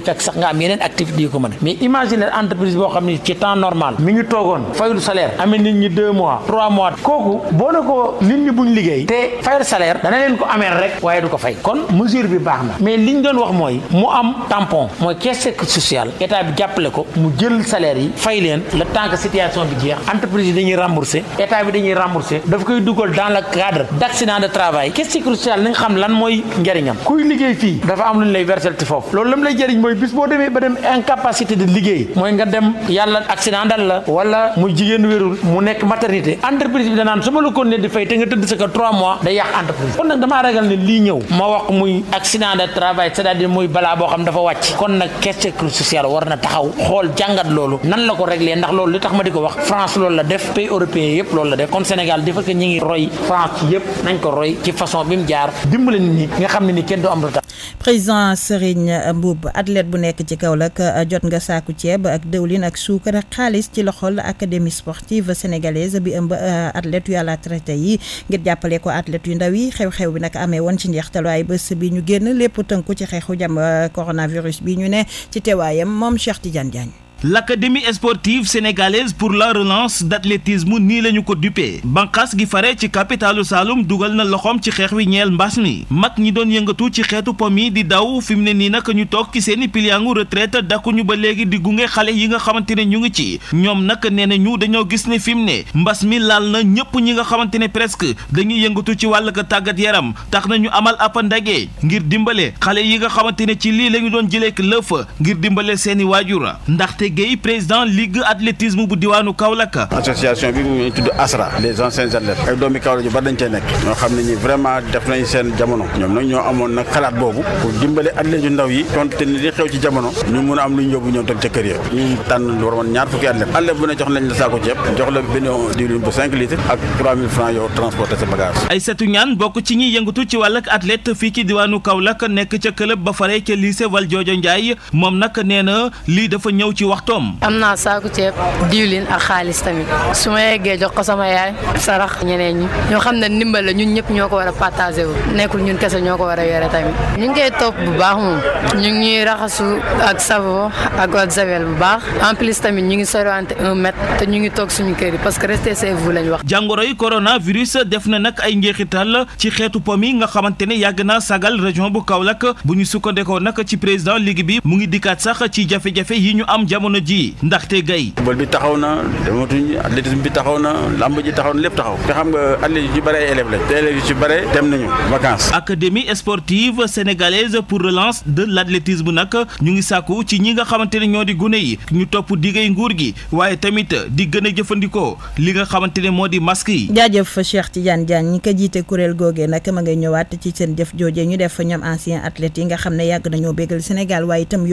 sax nga am yeneen activité ko mën mais imagine entreprise boo xam ne ci temps normal mi ngi toogoon fayul salaire amee nit ñi deux mois trois mois kooku boo ko nit ñi buñ liggéey fayal salaire dana leen ko ameel rek waaye du ko fay kon mesure bi baax na mais liñ doon wax mooy mu am tampon mooy caisse sécurité sociale état bi jàppale ko mu jël salaire yi fay leen le temps que situation bi jeex entreprise yi dañuy rembourser état bi dañuy rembourser daf koy dugal dans le cadre d' accident de travail caisse sécurité sociale nañ xam lan mooy njëriñam kuy liggéey fii dafa am luñ lay versel ci foofu loolu lam lay jëriñ mooy bis boo demee ba dem incapacité de liggéey mooy nga dem yàlla accident dal la wala mu jigéen wérul mu nekk maternité entreprise bi danaan su ma la ko ne di fay te nga tëdd sa que trois mois da yàq entreprise kon nag damaa ragal ne lii ñëw ma wax muy accident de travail cest à muy balaa boo xam dafa wàcc kon nag caisse sécurité sociale war na taxaw xool jàngat loolu nan la ko réglé ndax loolu li tax ma di ko wax France loolu la def pays européen yëpp loolu la def kon Sénégal dafa ko ñi ngi roy France yëpp nañ ko roy ci façon bi mu jaar dimbale nit ni nga xam ne ni kenn du am retard président Serigne Mboup athlète bu nekk ci kaw la jot nga saaku ceeb ak dëwlin ak suukar ak xaalis ci loxol académie sportive sénégalaise bi ëmb athlète yu à la traité yi ngir jàppale ko athlète athlètes yu ndaw yi xew-xew bi nag amee woon ci njeextaluwaay bés bi ñu génn lépp tënku ci xeexu jam euh, coronavirus bi ñu ne ci teewaayam moom Cheikh Tidiane Diagne l'académie sportive sénégalaise pour la relance d'athlétisme nii la ñu ko duppee banqaas gi fare ci capitalu Saloum dugal na loxoom ci xeex wi ñeel mbas mi mag ñi doon yëngatu ci xeetu pom yi di daw fi mu ne nii nag ñu toog ci seeni piliangu retraite dakkuñu ba léegi di gunge xale yi nga xamante ne ñu ngi ci ñoom nag nee na ñu dañoo gis ne fi mu ne mbas mi laal na ñëpp ñi nga xamante ne presque dañuy yëngatu ci wàll ka tàggat yaram tax na ñu amal ab ndaje ngir dimbale xale yi nga xamante ne ci lii la ñu doon jëlee lëf ngir dimbale seeni waajur ndaxte Gueye président ligue athlétisme bu diwaanu Kaolack. association bi mu ngi tudd ASRA les anciens athlètes ay doomi Kaolack bari dañ cee nekk ñoo xam ne ñi vraiment def nañ seen jamono ñoom nag ñoo amoon nag xalaat boobu pour dimbale athlètes yu ndaw yi tonte ni li xew ci jamono ñu mun a am lu ñu yóbbu ñoom tam ca ya ñu tànn waroon ñaar fukki athlète athlète bu ne jox nañ la saako ceeb jox la benn diwlin bu 5 litres ak 3000 francs yow waxtoom. am naa saaku ceeb diwlin ak xaalis tamit su ma yeggee jox ko sama yaay sarax ñeneen ñi ñoo xam ne ndimbal la ñun ñëpp ñoo ko war a partagé wu nekkul ñun kese ñoo ko war a yore tamit ñu ngi koy topp bu baax moom ñu ngi ñuy raxasu ak savon ak ak bu baax en plus tamit ñu ngi soriwante un te ñu ngi toog suñu kër yi parce que restez chez vous lañ wax. jàngoroy coronavirus def na nag ay njeexital ci xeetu pom yi nga xamante ne yàgg naa sagal région bu kaw Kaolack bu ñu sukkandekoo nag ci président ligue bi mu ngi dikkaat sax ci jafe-jafe yi ñu am jamono jamono ji ndaxte gay football bi taxaw na dematuñ athlétisme bi taxaw na lamb ji taxaw na lépp taxaw xam nga athlètes yu ci bare élèves lañ te élèves yu ci bare dem nañu vacances académie sportive sénégalaise pour relance de l'athlétisme nag ñu ngi sàkku ci ñi nga xamante ne ñoo di gune yi ñu topp digay nguur gi waaye tamit di gën a jëfandikoo li nga xamante ne moo di masque yi jaajëf Cheikh Tidiane jaan ñi ko jiite kuréel googee nag ma ngay ñëwaat ci seen jëf joojee ñu def ñoom ancien athlètes yi nga xam ne yàgg nañoo bégal Sénégal waaye itam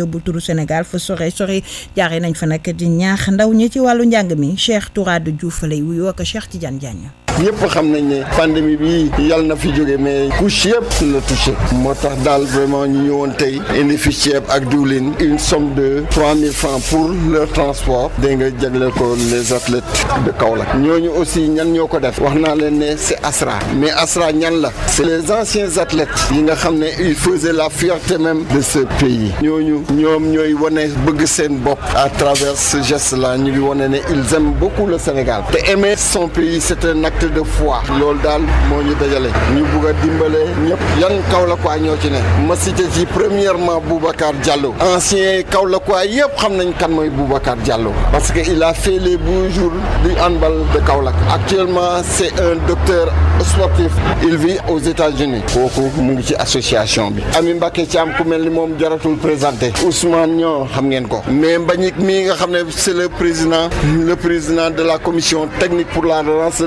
jaaree nañ fa nag di ñaax ndaw ñi ci wàllu njàng mi Cheikh Tourade Diouf lay wuyoo ak Cheikh Tidiane Diagne. ñëpp xam nañ ne pandémie bi yàlla na fi jóge mais couche yëpp la touché moo tax daal vraiment ñu ñëwoon tey indi fi ceeb ak diwlin une somme de 3000 francs pour leur transport dégg nga jagleel ko les athlètes de Kaolack ñooñu aussi ñan ñoo ko def wax naa leen ne c'est Asra mais Asra ñan la c'est les anciens athlètes yi nga xam ne ils faisaient la fierté même de ce pays ñooñu ñoom ñooy wane bëgg seen bopp à travers ce geste là ñu ngi wane ne ils aiment beaucoup le Sénégal te aimer son pays c'est un acte de foi loolu dal moo ñu dajale ñu bugg dimbalé dimbale ñëpp yan Kaolackois ñoo ci ne ma cité ci premièrement Boubacar Diallo ancien Kaolackois yëpp xam nañ kan moy Boubacar Diallo parce que il a fait les beaux jours du handball de Kaolack actuellement c'est un docteur sportif il vit aux États-Unis beaucoup mu ngi ci association bi Ami Mbacké Thiam ku melni mom jaratul présenté Ousmane ñoo xam ngeen ko mais Mbagnick mi nga xam c'est le président le président de la commission technique pour la relance de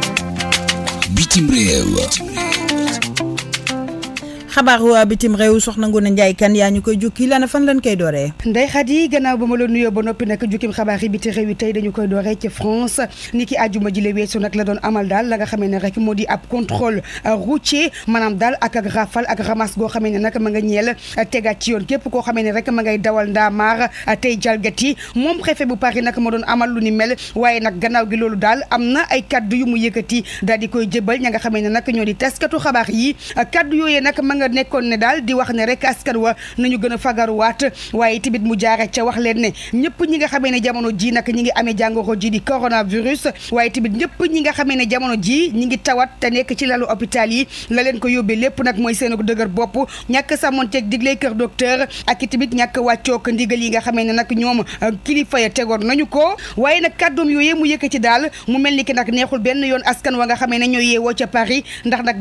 bitim réew xabaax xabaaru uh, bitim réew soxna Ngoné Ndiaye Kane yaa ñu koy jukki lana fan lañ koy dooree Ndeye Khady gannaaw ba ma la nuyoo ba noppi nag jukkim xabaar yi bitim réew yi tey dañu koy dooree ci amal daal la nga xamee ne rek moo di ab contrôle uh, routier maanaam daal ak ak rafal ak ramas goo xamee ne nag ma nga ñeel uh, tegaat ci yoon képp koo xamee ne rek ma ngay dawal ndaamaar tey jalgati moom préfet bu Paris nag moo doon amal lu ni mel waaye nag gannaaw gi loolu daal am na ay kaddu yu mu yëkkati daal di koy jëbal ña nga xamee ne nag ñoo di taskatu xabaar yi kaddu yooyee nag nga nekkoon ne daal di wax ne rek askan wa nañu gën a fagaruwaat waaye tamit mu jaare ca wax leen ne ñëpp ñi nga xamee ne jamono ji nag ñi ngi amee jàngoro di coronavirus waaye tamit ñëpp ñi nga xamee ne jamono ji ñi ngi tawat te nekk ci lalu hôpital yi la leen ko yóbbee lépp nag mooy seen dëgër bopp ñàkk sàmmonteeg digle kër docteur ak tamit ñàkk wàccook ndigal yi nga xamee ne nag ñoom euh, kilifa ya tegoon nañu ko waaye nag kàddoom yooyee mu yëkkati daal mu mel ni ki nag neexul benn yoon askan wa nga xamee ne ñoo yeewoo ca Paris ndax nag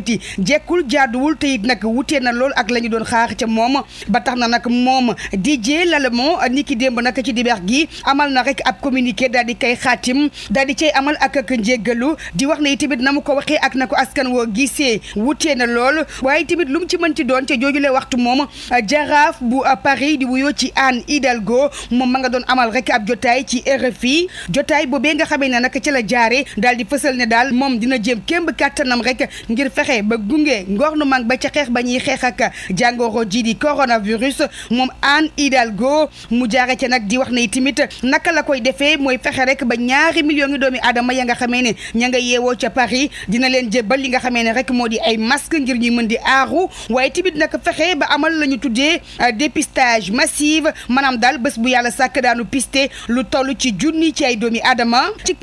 yëkkati jekkul jaaduwul te it nag wutee na lool ak la ñu doon xaar ca moom ba tax na nag moom DJ Lallement ni ki démb nag ci dibeex gi amal na rek ab communiqué daal di kay xaatim daal di cay amal ak ak njéggalu di wax na tamit na mu ko waxee ak na ko askan woo gisee wutee na lool waaye tamit lu mu ci mën ci doon te jooju le waxtu moom jaraaf bu Paris di wuyoo ci Anne Hidalgo moom ma nga doon amal rek ab jotaay ci RFI jotaay boobee nga xamee na nag ci la jaare daal di fësal ne daal moom dina jéem kémb fexe ba gunge gouvernement ba ci xeex ak di coronavirus mom Anne Hidalgo mu jaare ci Timit, di wax né tamit nak la koy défé moy fexé rek ba ñaari millions doomi adama ya nga xamé né ña nga yéwo ci Paris dina leen djébal li nga xamé rek modi ay masque ngir ñi mënd di ba amal lañu tuddé euh, dépistage massive manam dal bés bu yalla sak daanu pisté lu tollu ci junni ci ay doomi adama ci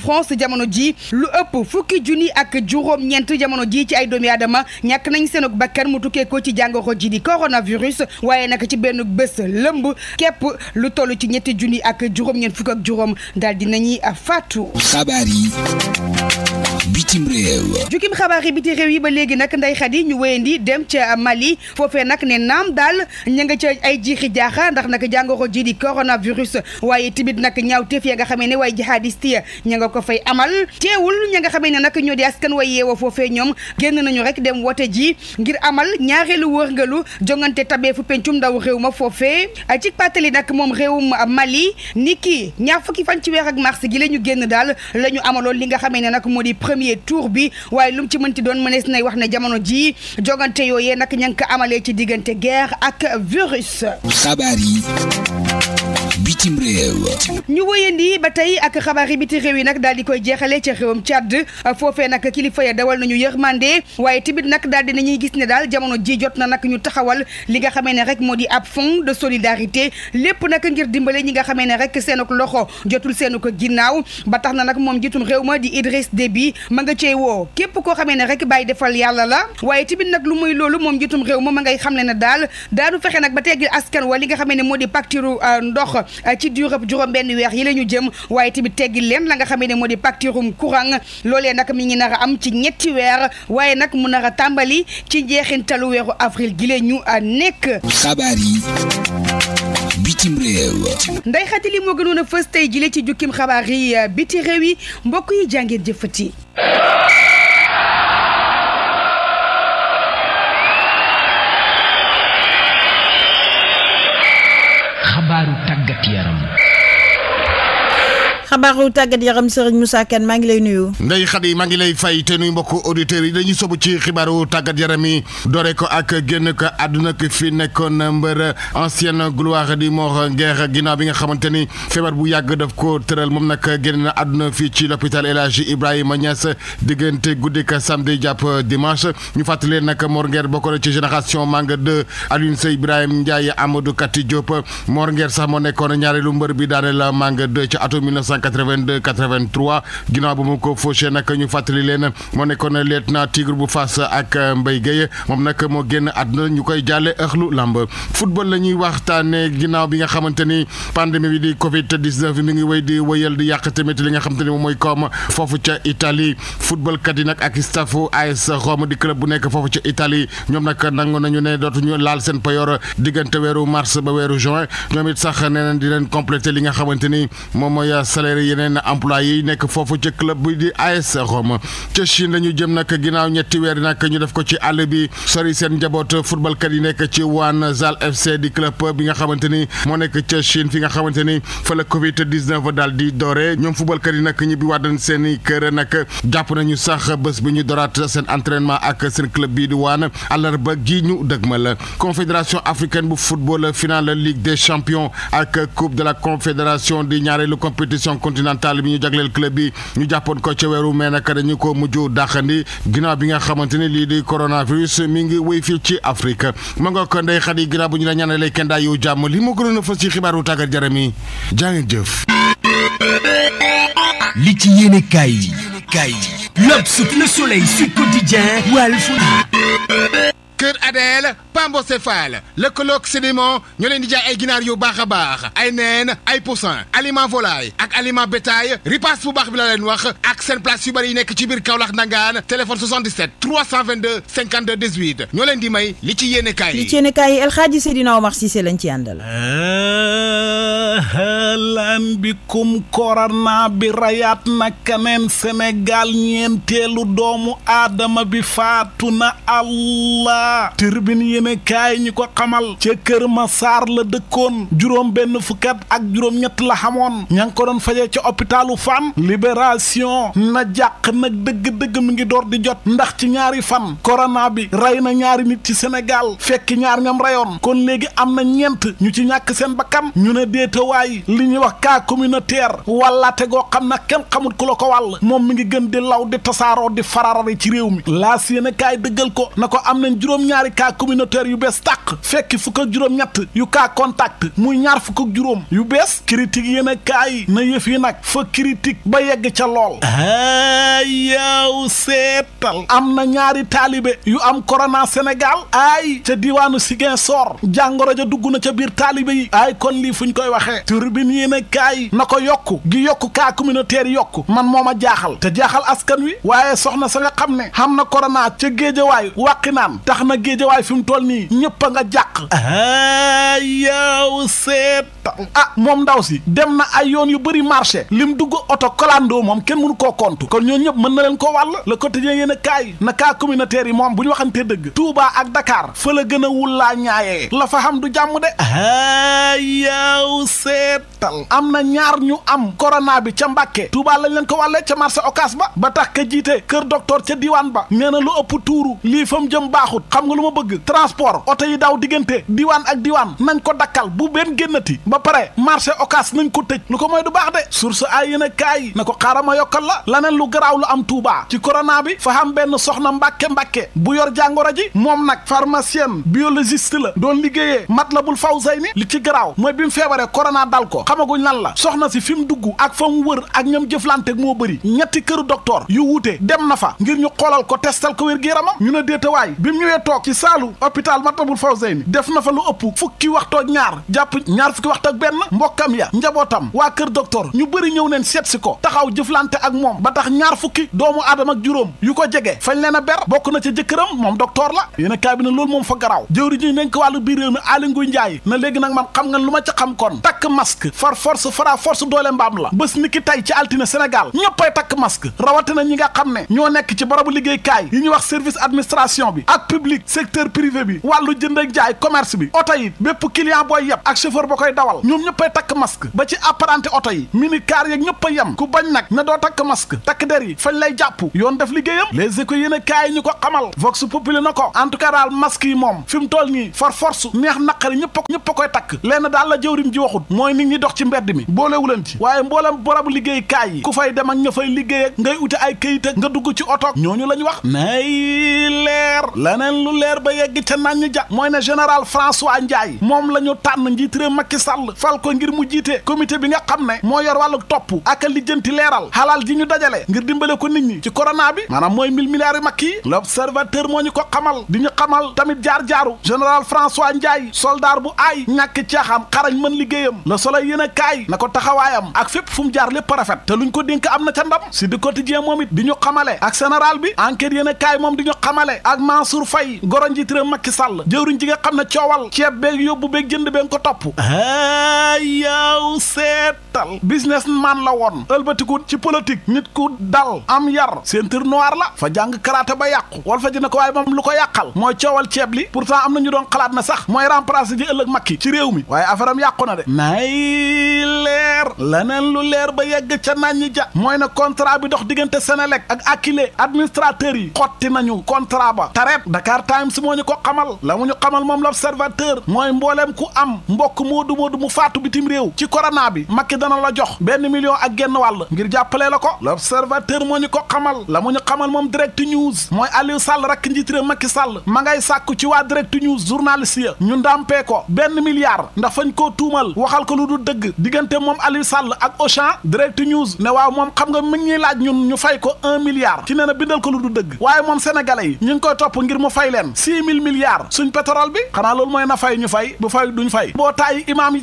France jamono ji lu ëpp fukki junni ak juróom ñent ji ci ay doomi aadama ñàkk nañ seen bakkan mu tukkee ko ci jàngoro ji di coronavirus waaye nag ci benn bés lëmb képp lu toll ci ñetti junni ak juróom-ñeent fukk ak juróom daal di nañuy fàttu xabaar yi. bitim réew xabaar yi biti réew yi ba léegi nag nday xat yi ñu wéyandi dem ca Mali foofee nag ne naam daal ña nga ca ay jiixi jaaxa ndax nag jàngoro ji di coronavirus waaye tamit nag ñaawteef ya nga xamee ne waaye jihadiste ya ña ko fay amal teewul ña nga xamee ne nag ñoo di askan way yeewa foofee ñoom génn nañu rek dem wote ji ngir amal ñaareelu wërngalu jongante tabee fu pencum ndaw réew ma foofee ci pàttali nag moom réewum Mali niki ñaar fukki fan ci weer ak mars gi la ñu génn la ñu amaloon li nga xamee ne premier tour bi waaye lu mu ci mënti doon mënees nay wax ne jamono jii jogante yooye nak ña ngi amalee ci diggante geer ak virus. xabaar yi. bitim réew ñu wëyandi ba tey ak xabaar yi biti réew yi nag daal di koy jeexale ca réewam Tchad foofe nag kilifa ya dawal nañu yërmande waaye tamit nag daal dinañuy gis ne daal jamono ji jot na nag ñu taxawal li nga xamee ne rek moo di ab fonds de solidarité lépp nag ngir dimbale ñi nga xamee ne rek seen ak loxo jotul seen ak ginnaaw ba tax na nag moom jiitum réew ma di Idriss Déby ma nga cee woo képp koo xamee ne rek bàyyi defal yàlla la waaye tamit nag lu muy loolu moom jiitum réew ma ma ngay xam ne na daal daanu fexe nag ba teggil askan wa li nga xamee ne moo di pactiru euh, ndox ci durab juróom benn weer yi la ñu jëm waaye tamit teggil leen la nga xamee ne moo di pacturum courant loolee nag mi ngi nar am ci ñetti weer waaye nag mu nar a tàmbali ci njeexintalu weeru avril gi la ñu euh, nekk. xabaar yi bitim réew. nday xati li moo gënoon a fës tey jile ci jukkim xabaar yi euh, biti réew yi mbokk yi jàngeen jëfati. xabaaru tàggat yaram Serigne Moussa Kane maa ngi lay nuyu. Ndeye Khady maa ngi lay fay te nuyu mbokku auditeurs yi sobu ci xibaaru tàggat yaram yi doore ko ak génn ko àdduna ko fi nekkoon mbër ancienne gloire di Mor Nguer ginnaaw bi nga xamante ni feebar bu yàgg daf ko tëral moom nag génn na àdduna fii ci l'hôpital El Hadji Ibrahima Niass diggante guddik samedi jàpp dimanche ñu fàttali nag Mor Nguer bokk na ci génération 2 Ndiaye Amadou Kati Diop Mor sax moo nekkoon ñaareelu mbër bi 2 ci 1982 83 ginnaaw ba mu ko fauché nag ñu fàttali leen moo nekkoon lieutenant tigre bu Fass ak Mbaye Guèye moom nag moo génn àdduna ñu koy football la ñuy waxtaane ginnaaw bi nga xamante ni pandémie bi di Covid 19 mi ngi wéy di wéyal di yàq tamit li nga xamante ni moom mooy koom foofu Italie football kat yi nag ak staffu AS Rome di club bu nekk foofu ca Italie ñoom nag nangu nañu ne dootuñu laal seen payoor diggante weeru mars ba weeru juin ñoom sax nee di leen complété li nga salaire yeneen employé yi nekk foofu le club bi di AS Roma ca Chine lañu jëm nak ginaaw ñetti wër nak ñu def ko ci àll bi sori seen football footballkat yi nek ci Wan Zal FC di club bi nga xamanteni mo nek ci Chine fi nga xamanteni fa la Covid 19 dal di doore ñoom footballkat yi nag ñibbi waat nañ seen kër nag nañu sax bëss bi ñu dorat seen entraînement ak seen club bi di waan ba gi ñu dëgmal confédération africaine bu football finale ligue des champions ak coupe de la confédération di le compétition. saison continentale bi ñu jagleel club bi ñu jàppoon ko ca weeru mai nag dañu ko mujj dàqandi ginnaaw bi nga xamante ni lii di coronavirus mi ngi wéy fii ci Afrique ma nga ko ndey xat yi ginnaaw ñu la ñaanalee kenn jàmm li ma gënoon a fës ci xibaaru tàggat yaram yi jaa jëf. li ci yéene kaay yi kaay yi. L'Obs, Le Soleil, Sud Quotidien, Walf. Kër Adel. Pambo Céphale le colloque sédiment ñoo leen di jaay ay ginaar yu baax a baax ay neen ay poussin aliment volaille ak aliment bétail ripaas bu baax bi la leen wax ak seen place yu bari yi nekk ci biir Kaolack Ndangaan téléphone 77 322 52 18 ñoo leen di may li ci yéene kaay yi li ci yéene kaay yi El Hadji Seydina Omar Cissé lañ ci àndal lan bikum korona bi rayat na kaneen Sénégal ñeenteelu doomu aadama bi faatu na Allah turbine yéene kaay ñi ko xamal ca kër Masaar la dëkkoon juróom benn fukkat ak juróom ñett la xamoon ña ngi ko doon fajee ca hôpitalu Fann libération na jàq na dëgg-dëgg mi ngi door di jot ndax ci ñaari fan corona bi rey na ñaari nit ci Sénégal fekk ñaar ñam reyoon kon léegi am na ñeent ñu ci ñàkk seen bakkan ñu ne déetawaay li ñuy wax cas communautaire wàllaate goo xam na kenn xamul ku la ko wàll moom mi ngi gën di law di tasaaroo di fararari ci réew mi laas yéene dëggal ko na ko am nañ juróom-ñaari docteur yu bees tàq fekk fukk ak juróom ñett yu kaa contact muy ñaar fukk juróom yu bees critique yéen a kaay na yëf yi nag fa critique ba yegg ca lool ayaw seetal am na ñaari taalibe yu am corona Sénégal ay ca diwaanu Ziguinchor jàngoro ja dugg na ca biir taalibe yi aay kon lii fuñ koy waxee turbine yéen a kaay na ko yokk gi yokku kaa communautaire yokk man moo ma jaaxal te jaaxal askan wi waaye soxna sa nga xam ne xam na corona ca géejawaay wàqi tax na géejawaay nii ñëpp a nga jàq yow seet ah moom ndaw si dem na ay yoon yu bëri marché lim dugg oto kolandoo moom kenn mënu koo kont kon ñooñu ñëpp mën na leen ko wàll le quotidien yéen a kaay na kaa communautaire yi moom bu ñu waxantee dëgg Touba ak dakaar fa la gën a laa ñaayee la fa xam du jàmm de a yaw seetal am na ñaar ñu am corona bi ca Mbàkke Touba lañ leen ko wàllee ca marché Ocass ba ba tax ka jiite kër docteur ca diwaan ba nee na lu ëpp tuuru lii fa mu jëm baaxut xam nga lu ma bëgg transport oto yi daw diggante diwaan ak diwaan nañ ko dakkal bu benn génnati ba pare marché occas nañ ko tëj lu ko mooy du baax de source ay yéen a na ko xaarama yokkal la laneen lu garaaw lu am Touba ci corona bi fa xam benn soxna mbàkke-mbàkke bu yor jàngoro ji moom nag pharmacienne biologiste la doon liggéeyee Matlabul Fawzayni li ci garaaw mooy bi mu feebaree corona dal ko xamaguñ lan la soxna si fi mu dugg ak fa mu wër ak ñoom jëflante moo bëri ñetti kër docteur yu wuute dem na fa ngir ñu xoolal ko testal ko wér gi yaramam ñu ne déetawaay bi mu ñëwee toog ci saalu hôpital Matlabul Fawzayni def na fa lu ëpp fukki waxtoo ñaar jàpp ñaar fukk ak benn mbokkam ya njabootam waa kër docteur ñu bëri ñëw neen seet si ko taxaw jëflante ak moom ba tax ñaar fukki doomu aadama ak juróom yu ko jege fañ leen a ber bokk na ca jëkkëram moom docteur la yéen a kaay bi ne loolu moom fa garaw jëwri ñi nañ ko wàllu biir réew mi Aly Ngouille Ndiaye na léegi nag man xam nga lu ma ci xam kon takk masque far force fara force doole mbaam la bés ni ki tey ci altine Sénégal ñëppay takk masque rawatina ñi nga xam ne ñoo nekk ci barabu liggéeykaay yi ñuy wax service administration bi ak public secteur privé bi wàllu jënd ak commerce bi oto yi bépp client booy yeb ak chauffeur dal ñoom ñëppay takk mask ba ci apparenté oto yi mini car yeeg ñëpp a yem ku bañ nag na doo takk masque takk der yi fañ lay jàpp yoon def liggéeyam les éco yéen a kaay ñu ko xamal vox populi na ko en tout cas daal masque yi moom fi mu toll nii far force neex naqari ñëpp ñëpp a koy takk lenn daal la jëwriñ ji waxut mooy nit ñi dox ci mbedd mi boolewuleen ci waaye mboolem barabu liggéey kaay yi ku fay dem ak ña fay liggéey ak ngay uti ay këyit nga dugg ci oto ñooñu lañ wax nay leer laneen lu leer ba yegg ca nañ ja mooy ne général François Ndiaye moom la ñu tànn njiit réew Macky Sall fal ko ngir mu jiite comité bi nga xam ne moo yor wàllu topp ak lijjanti leeral xalaal ji ñu dajale ngir dimbale ko nit ñi ci corona bi maanaam mooy mille milliards yu mag yi l'observateur moo ñu ko xamal di ñu xamal tamit jaar-jaaru général François Ndiaye soldat bu ay ñàkk caaxam xarañ mën liggéeyam Le Soleil yéen a kaay na ko taxawaayam ak fépp fu mu jaar lépp rafet te luñ ko dink am na ca ndam si du quotidien moom it di ñu xamale ak général bi enquête yéen a kaay moom di ñu xamale ak Mansour Faye goron ji tëram Macky Sall jëwriñ ji nga xam ne coowal ceeb beeg yóbbu beeg jënd beeg ko topp ah, yaaw seetal man la woon ëlbatiku ci politique nit ku dal am yar ceinture noire la fa jàng karaté ba yàqu wal fa ji ne ko waaye moom lu ko yàqal mooy coowal ceeb li pourtant am na ñu doon xalaat na sax mooy remplacer ji ëllëg makki ci réew mi waaye affaire am yàqu na de nay leer leneen lu leer ba yegg ca naan ñi mooy na contrat bi dox diggante Senelec ak Akilee administrateurs yi xotti nañu kontra ba taret Dakar Times moo ñu ko xamal la mu ñu xamal moom l'observateur mooy mbooleem ku am mbokk wàdd mu faatu bitim réew ci corona bi Macky dana la jox benn million ak genn wàll ngir jàppale la ko l'observateur moo ñu ko xamal la mu ñu xamal moom direct news mooy Aliou Sall rakk njiit réew Macky Sall ma ngay sàkku ci waa direct news journaliste ya ñu ndàmpee ko benn milliard ndax fañ koo tuumal waxal ko lu du dëgg diggante moom Aliou Sall ak Auchan direct news ne waaw moom xam nga mi ngi ñuy laaj ñun ñu fay ko un ci nee na bindal ko lu du dëgg waaye moom sénégalais ñu ngi koy topp ngir mu fay leen six mille milliards suñ pétrole bi xanaa loolu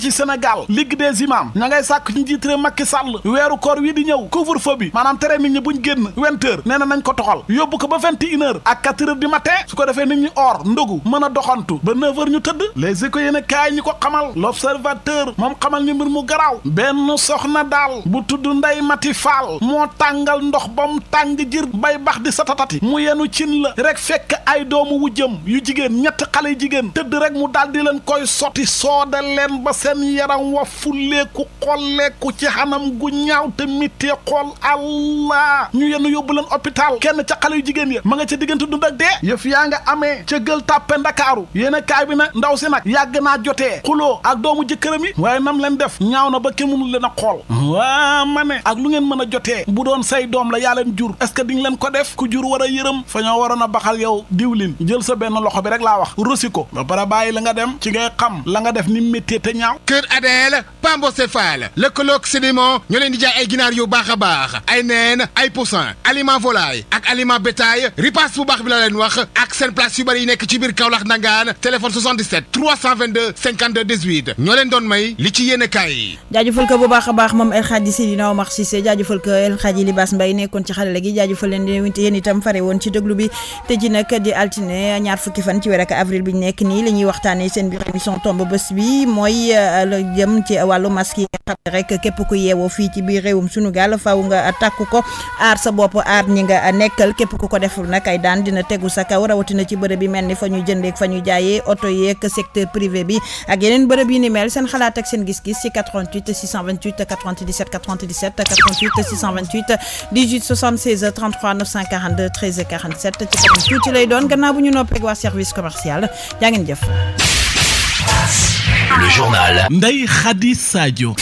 ci Sénégal ligue des imams ña ngay sàkk ñu jiite Macky Sall weeru koor wi di ñëw couvre-feu bi maanaam tere nit ñi buñ génn vingt heures nee na nañ ko toxal yóbbu ko ba vingt et une heures ak quatre heures du su ko defee nit ñi or ndogu mën a doxantu ba neuf heures ñu tëdd les éco yéen kaay ñi ko xamal l'observateur moom xamal ñu mbir mu garaaw benn soxna daal bu tudd Ndeye Mati Fall moo tàngal ndox ba mu tàng jir bay bax di satatati mu yenu cin la rek fekk ay doomu wujjëm yu jigéen ñett xale jigéen tëdd rek mu daal di leen koy sotti soodal leen ba seen yaram wa fulleeku xolleeku ci xanam gu ñaaw te mittee xool allah ñu yenn yóbbu leen hôpital kenn ca xale yu jigéen ya ma nga ca diggante du ak dee yëf yaa nga amee ca gël tàppe ndakaaru yéen a kaay bi na ndaw si nag yàgg naa jotee xuloo ak doomu jëkkëram yi waaye nam leen def ñaaw na ba kenn mënul leen a xool waa ma ne ak lu ngeen mën a jotee bu doon say doom la yaa leen jur est que di leen ko def ku jur war a yërëm fa ñoo waroon a baxal yow diwlin jël sa benn loxo bi rek laa wax rosi ko ba pare bàyyi la nga dem ci ngay xam la nga def ni méttee te ñaaw Kër Adel Pambocéphale lëkkaloog sédiment ñoo leen di jaay ay ginaar yu baax a baax ay neen ay poussin aliment volaille ak aliment bétail ripaas bu baax bi la leen wax ak seen place yu bëri yi nekk ci biir Kaolack Ndangaan téléphone 77 322 52 18 ñoo leen doon may li ci yéene kaay yi. jaajëfal ko bu baax a baax moom El Hadji Seydina Omar Cissé jaajëfal ko El Hadji Libaas Mbaye nekkoon ci xarale gi jaajëfal leen yéen itam fare woon ci déglu bi te ji nag di altine ñaar fukki fan ci weer ak avril bi ñu nekk nii la ñuy waxtaanee seen biir émission tomb bés bi mooy euh, la jëm ci wàllu masque yi nga xam ne rek képp ku yeewoo fii ci biir réewum sunu gaal faw nga takku ko aar sa bopp aar ñi nga nekkal képp ku ko def nag ay daan dina tegu sa kaw rawatina ci bërëb bi mel ni fa ñu jëndee fa ñu jaayee oto yeeg secteur privé bi ak yeneen bërëb yi ni mel seen xalaat ak seen gis-gis ci 88 628 97 97 88 628 18 76 33 942 13 47 ci kanam tuuti lay doon gannaaw bu ñu noppee ak service commercial jaa jëf. Le journal khadi Sadio.